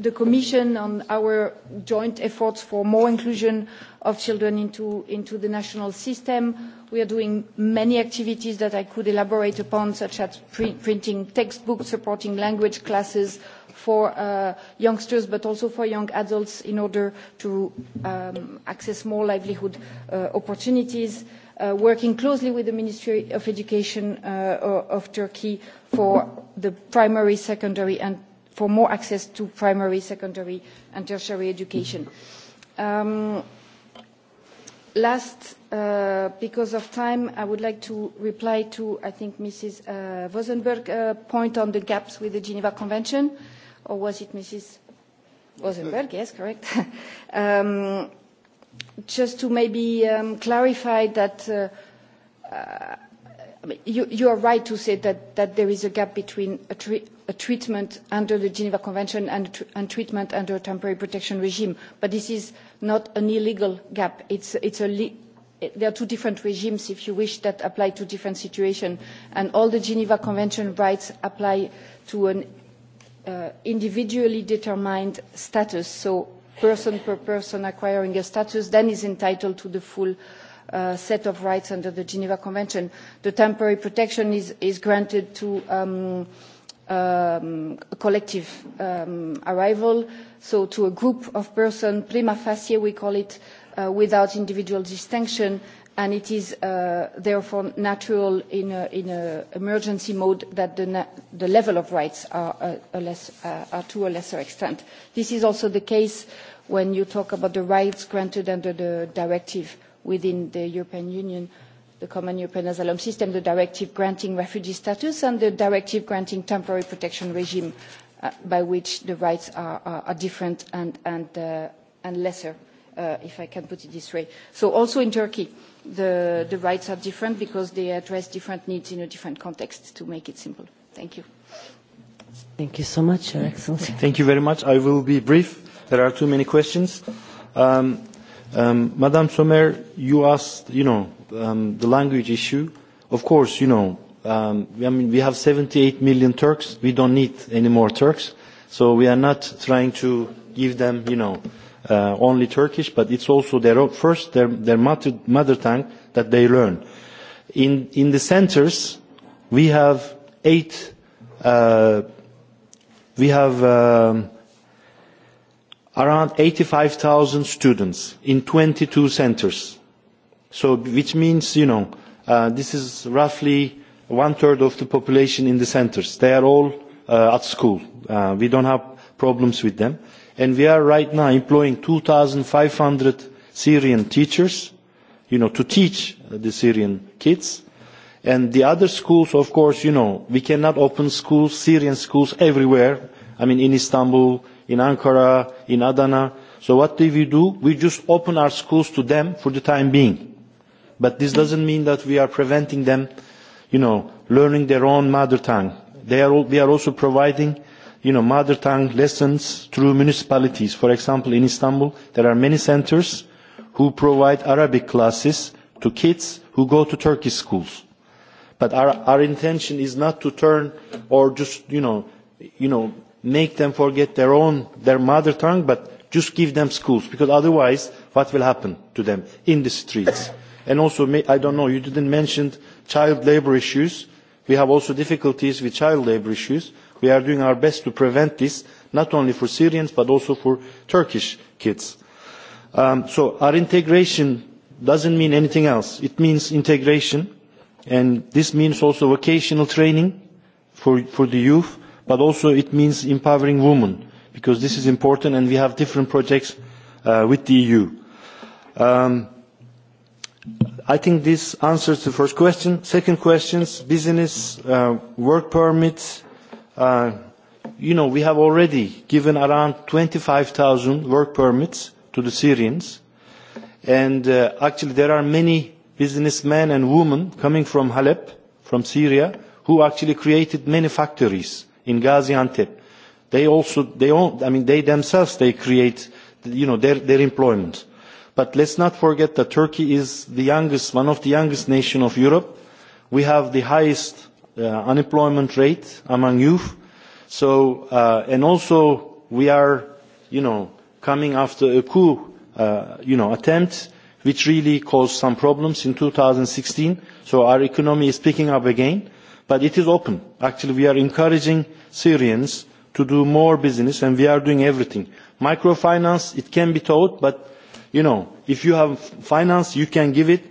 the Commission on our joint efforts for more inclusion of children into, into the national system. We are doing many activities that I could elaborate upon, such as print, printing textbooks, supporting language classes for uh, youngsters, but also for young adults in order to um, access more livelihood uh, opportunities. Uh, working closely with the Ministry of Education uh, of Turkey for the primary, secondary, and for more access to primary, secondary and tertiary education. Um, last, uh, because of time, I would like to reply to, I think, Mrs. Vosenberg's uh, uh, point on the gaps with the Geneva Convention. Or was it Mrs. Vosenberg? Yes, correct. um, just to maybe um, clarify that uh, uh, you, you are right to say that, that there is a gap between a, tre- a treatment under the Geneva Convention and, tr- and treatment under a temporary protection regime. But this is not an illegal gap. It's, it's a li- there are two different regimes, if you wish, that apply to different situations. And all the Geneva Convention rights apply to an uh, individually determined status. So person per person acquiring a status then is entitled to the full uh, Uh, set of rights under the Geneva Convention. The temporary protection is, is granted to um, um, a collective um, arrival, so to a group of persons, prima facie we call it, uh, without individual distinction, and it is uh, therefore natural in an in a emergency mode that the, the level of rights are, a, uh, a less, uh, are to a lesser extent. This is also the case when you talk about the rights granted under the directive within the European Union, the Common European Asylum System, the directive granting refugee status and the directive granting temporary protection regime uh, by which the rights are, are, are different and, and, uh, and lesser, uh, if I can put it this way. So also in Turkey, the, the rights are different because they address different needs in a different context, to make it simple. Thank you. Thank you so much, Your Excellency. Thank you very much. I will be brief. There are too many questions. Um, Um, Madam Sommer, you asked, you know, um, the language issue. Of course, you know, um, we, I mean, we have 78 million Turks. We don't need any more Turks. So we are not trying to give them, you know, uh, only Turkish, but it's also their own, first, their, their mother, mother tongue that they learn. In, in the centers, we have eight, uh, we have, uh, around eighty five zero students in twenty two centres which means you know uh, this is roughly one third of the population in the centres they are all uh, at school uh, we don't have problems with them and we are right now employing two thousand five hundred syrian teachers you know to teach uh, the syrian kids and the other schools of course you know we cannot open schools syrian schools everywhere i mean in istanbul in Ankara, in Adana. So what do we do? We just open our schools to them for the time being. But this doesn't mean that we are preventing them, you know, learning their own mother tongue. They are, we are also providing, you know, mother tongue lessons through municipalities. For example, in Istanbul, there are many centers who provide Arabic classes to kids who go to Turkish schools. But our, our intention is not to turn or just, you know, you know, make them forget their own their mother tongue but just give them schools because otherwise what will happen to them in the streets and also i don't know you didn't mention child labor issues we have also difficulties with child labor issues we are doing our best to prevent this not only for syrians but also for turkish kids um, so our integration doesn't mean anything else it means integration and this means also vocational training for for the youth but also it means empowering women because this is important and we have different projects uh, with the EU. Um, I think this answers the first question. Second question, business, uh, work permits. Uh, you know, we have already given around 25,000 work permits to the Syrians. And uh, actually there are many businessmen and women coming from Halep, from Syria, who actually created many factories in Gaziantep. They also, they all, I mean, they themselves, they create, you know, their, their employment. But let's not forget that Turkey is the youngest, one of the youngest nations of Europe. We have the highest uh, unemployment rate among youth. So, uh, and also we are, you know, coming after a coup, uh, you know, attempt, which really caused some problems in 2016. So our economy is picking up again, but it is open. Actually, we are encouraging syrians to do more business and we are doing everything. microfinance can be taught but you know if you have finance you can give it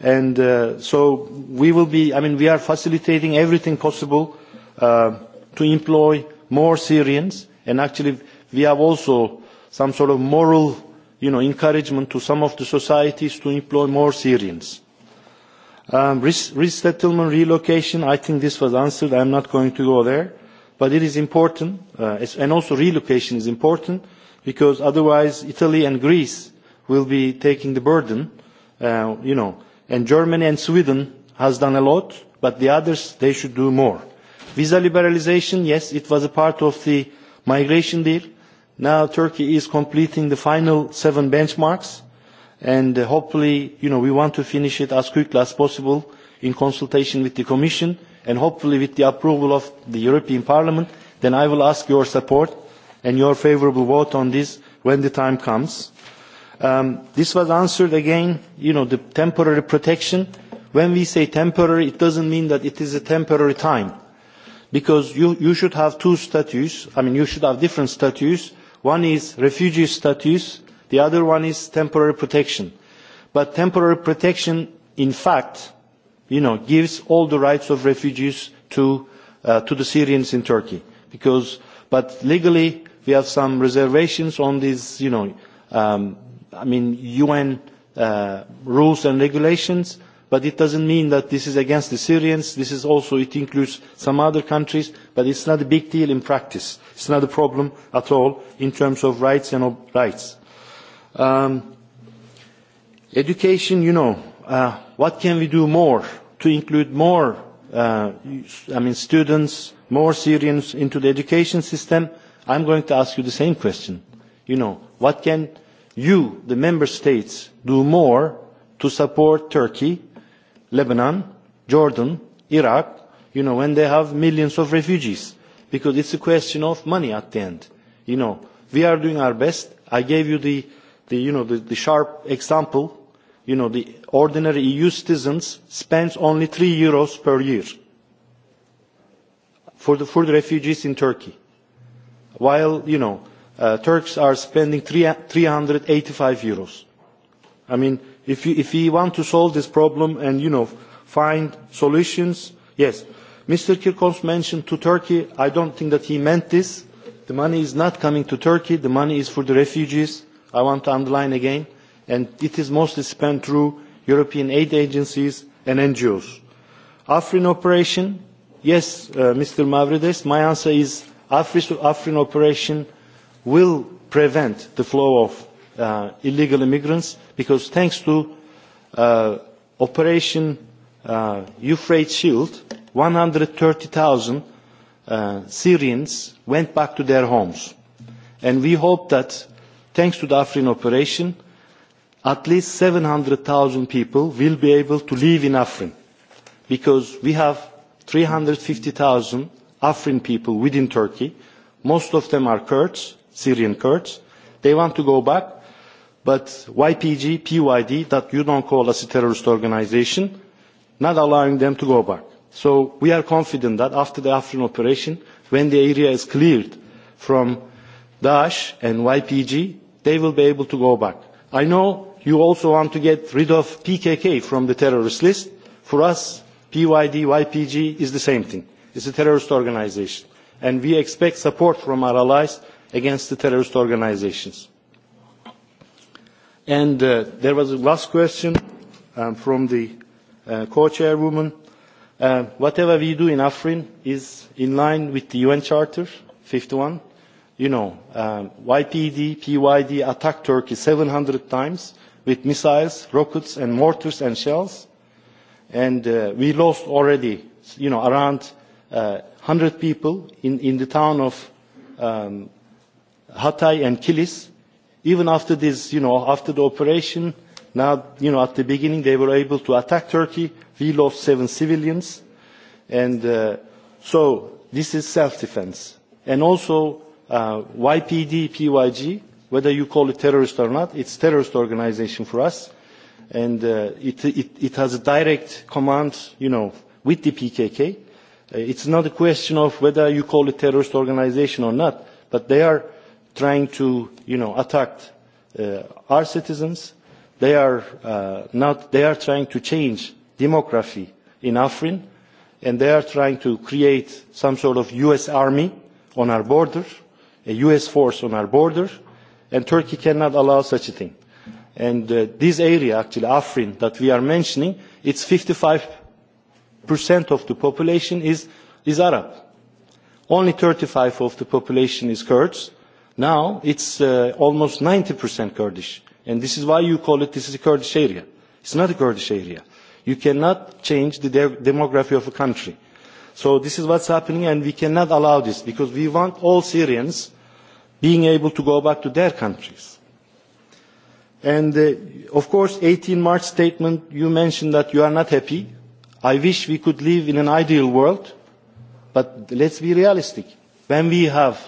and uh, so we will be i mean we are facilitating everything possible uh, to employ more syrians and actually we have also some sort of moral you know encouragement to some of the societies to employ more syrians um, resettlement relocation i think this was answered i'm not going to go there but it is important uh, and also relocation is important because otherwise italy and greece will be taking the burden uh, and germany and sweden have done a lot but the others should do more. visa liberalisation yes it was a part of the migration deal. now turkey is completing the final seven benchmarks and hopefully we want to finish it as quickly as possible in consultation with the commission and hopefully with the approval of the european parliament then i will ask your support and your favourable vote on this when the time comes. Um, this was answered again you know the temporary protection when we say temporary it does not mean that it is a temporary time because you, you should have two statutes i mean you should have different statutes one is refugee status the other one is temporary protection but temporary protection in fact you know, gives all the rights of refugees to, uh, to the Syrians in Turkey. Because, but legally, we have some reservations on these, you know, um, I mean, UN uh, rules and regulations, but it doesn't mean that this is against the Syrians. This is also, it includes some other countries, but it's not a big deal in practice. It's not a problem at all in terms of rights and of rights. Um, education, you know, Uh, what can we do more to include more uh, I mean, students, more Syrians into the education system? I'm going to ask you the same question. You know, what can you, the member states, do more to support Turkey, Lebanon, Jordan, Iraq, you know, when they have millions of refugees? Because it's a question of money at the end. You know, we are doing our best. I gave you the, the you know, the, the sharp example the ordinary eu citizen spends only eur three per year for the refugees in turkey while uh, turks are spending eur three hundred and eighty five. i mean if we want to solve this problem and find solutions yes mr kirkhope mentioned turkey i do not think that he meant this the money is not coming to turkey the money is for the refugees i want to underline again and it is mostly spent through european aid agencies and ngos. afrin operation yes uh, mr mavrides my answer is afrin operation will prevent the flow of uh, illegal immigrants because thanks to uh, operation euphrates shield one hundred and thirty zero syrians went back to their homes and we hope that thanks to the afrin operation at least 700,000 people will be able to live in Afrin because we have 350,000 Afrin people within Turkey. Most of them are Kurds, Syrian Kurds. They want to go back, but YPG, PYD, that you don't call as a terrorist organization, not allowing them to go back. So we are confident that after the Afrin operation, when the area is cleared from Daesh and YPG, they will be able to go back. I know you also want to get rid of the pkk from the terrorist list. for us pyd ypg is the same thing it is a terrorist organisation and we expect support from our allies against the terrorist organisations. Uh, there was a last question um, from the uh, co chairwoman. Uh, whatever we do in afrin is in line with the un charter fifty one. you know um, ypd pyd attacked turkey seven hundred times with missiles rockets and mortars and shells and uh, we lost already you know around uh, 100 people in, in the town of um, Hatay and Kilis even after this you know after the operation now you know at the beginning they were able to attack turkey we lost seven civilians and uh, so this is self defense and also uh, YPD PYG whether you call it terrorist or not it's a terrorist organization for us and uh, it, it, it has a direct command you know with the pkk uh, it's not a question of whether you call it a terrorist organization or not but they are trying to you know attack uh, our citizens they are uh, not they are trying to change demography in afrin and they are trying to create some sort of us army on our borders a us force on our borders and turkey cannot allow such a thing. Uh, this area actually afrin that we are mentioning it's fifty five of the population is is arab only thirty five of the population is kurds now it's uh, almost ninety percent kurdish and this is why you call it this is a kurdish area it's not a kurdish area you cannot change the de- demography of a country so this is what's happening and we cannot allow this because we want all syrians being able to go back to their countries. and uh, of course the eighteen march statement you mentioned that you are not happy. i wish we could live in an ideal world but let us be realistic. when we have.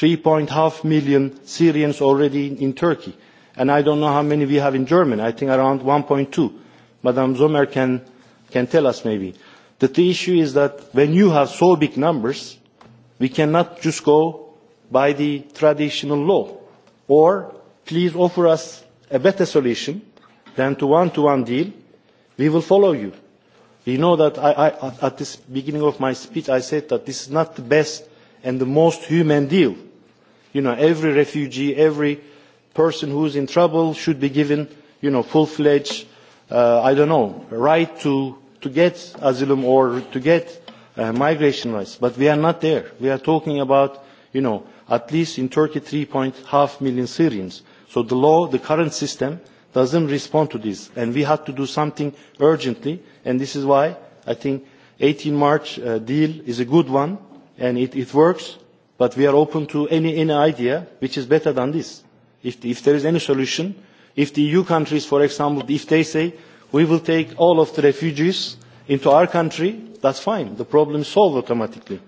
3.5 million syrians already in turkey and i don't know how many we have in germany i think around 1.2 madam zomer can, can tell us maybe that the issue is that when you have so big numbers we cannot just go by the traditional law or please offer us a better solution than to one to one deal we will follow you. you know that I, I, at the beginning of my speech i said that this is not the best and the most human deal. you know every refugee every person who is in trouble should be given you know full fledged uh, i don't know right to to get asylum or to get uh, migration rights but we are not there we are talking about you know at least in turkey three point five million syrians so the law the current system does not respond to this and we have to do something urgently and this is why i think the eighteen march uh, deal is a good one and it, it works but we are open to any, any idea which is better than this if, if there is any solution if the eu countries for example if they say we will take all of the refugees into our country that's fine the problem is solved automatically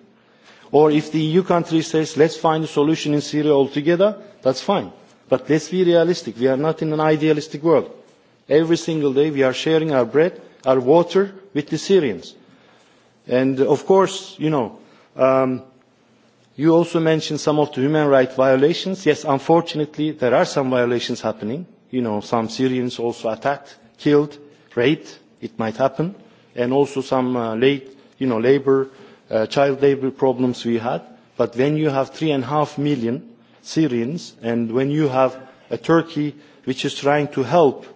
or if the eu country says let's find a solution in syria altogether that's fine but let's be realistic we are not in an idealistic world. every single day we are sharing our bread our water with the syrians and of course you know um, you also mentioned some of the human rights violations. Yes, unfortunately, there are some violations happening. You know, some Syrians also attacked, killed, raped. It might happen. And also some uh, late, you know, labor uh, Uh, child labour problems we had but when you have three and a half million syrians and when you have a turkey which is trying to help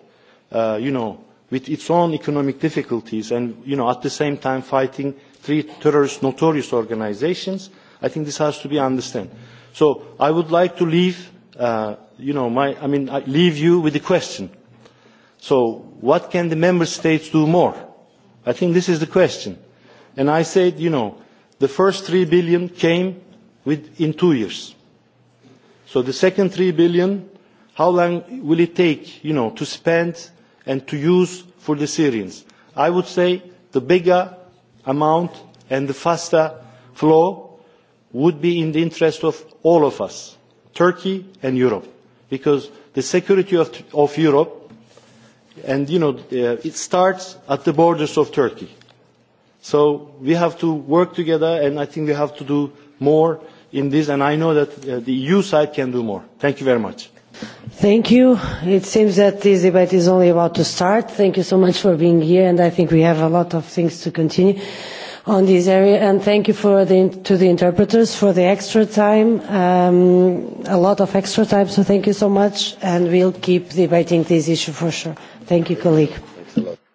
uh, you know with its own economic difficulties and you know at the same time fighting three terrorist notorious organizations i think this has to be understood so i would like to leave uh, you know my i mean I leave you with a question so what can the member states do more i think this is the question and i said you know the first three billion came within two years so the second three billion how long will it take you know to spend and to use for the syrians? i would say the bigger amount and the faster flow would be in the interest of all of us turkey and europe because the security of, of europe and you know uh, it starts at the borders of turkey. So we have to work together, and I think we have to do more in this, and I know that uh, the EU side can do more. Thank you very much. Thank you. It seems that this debate is only about to start. Thank you so much for being here, and I think we have a lot of things to continue on this area. And thank you for the, to the interpreters for the extra time, um, a lot of extra time, so thank you so much, and we'll keep debating this issue for sure. Thank you, colleague. Thanks a lot.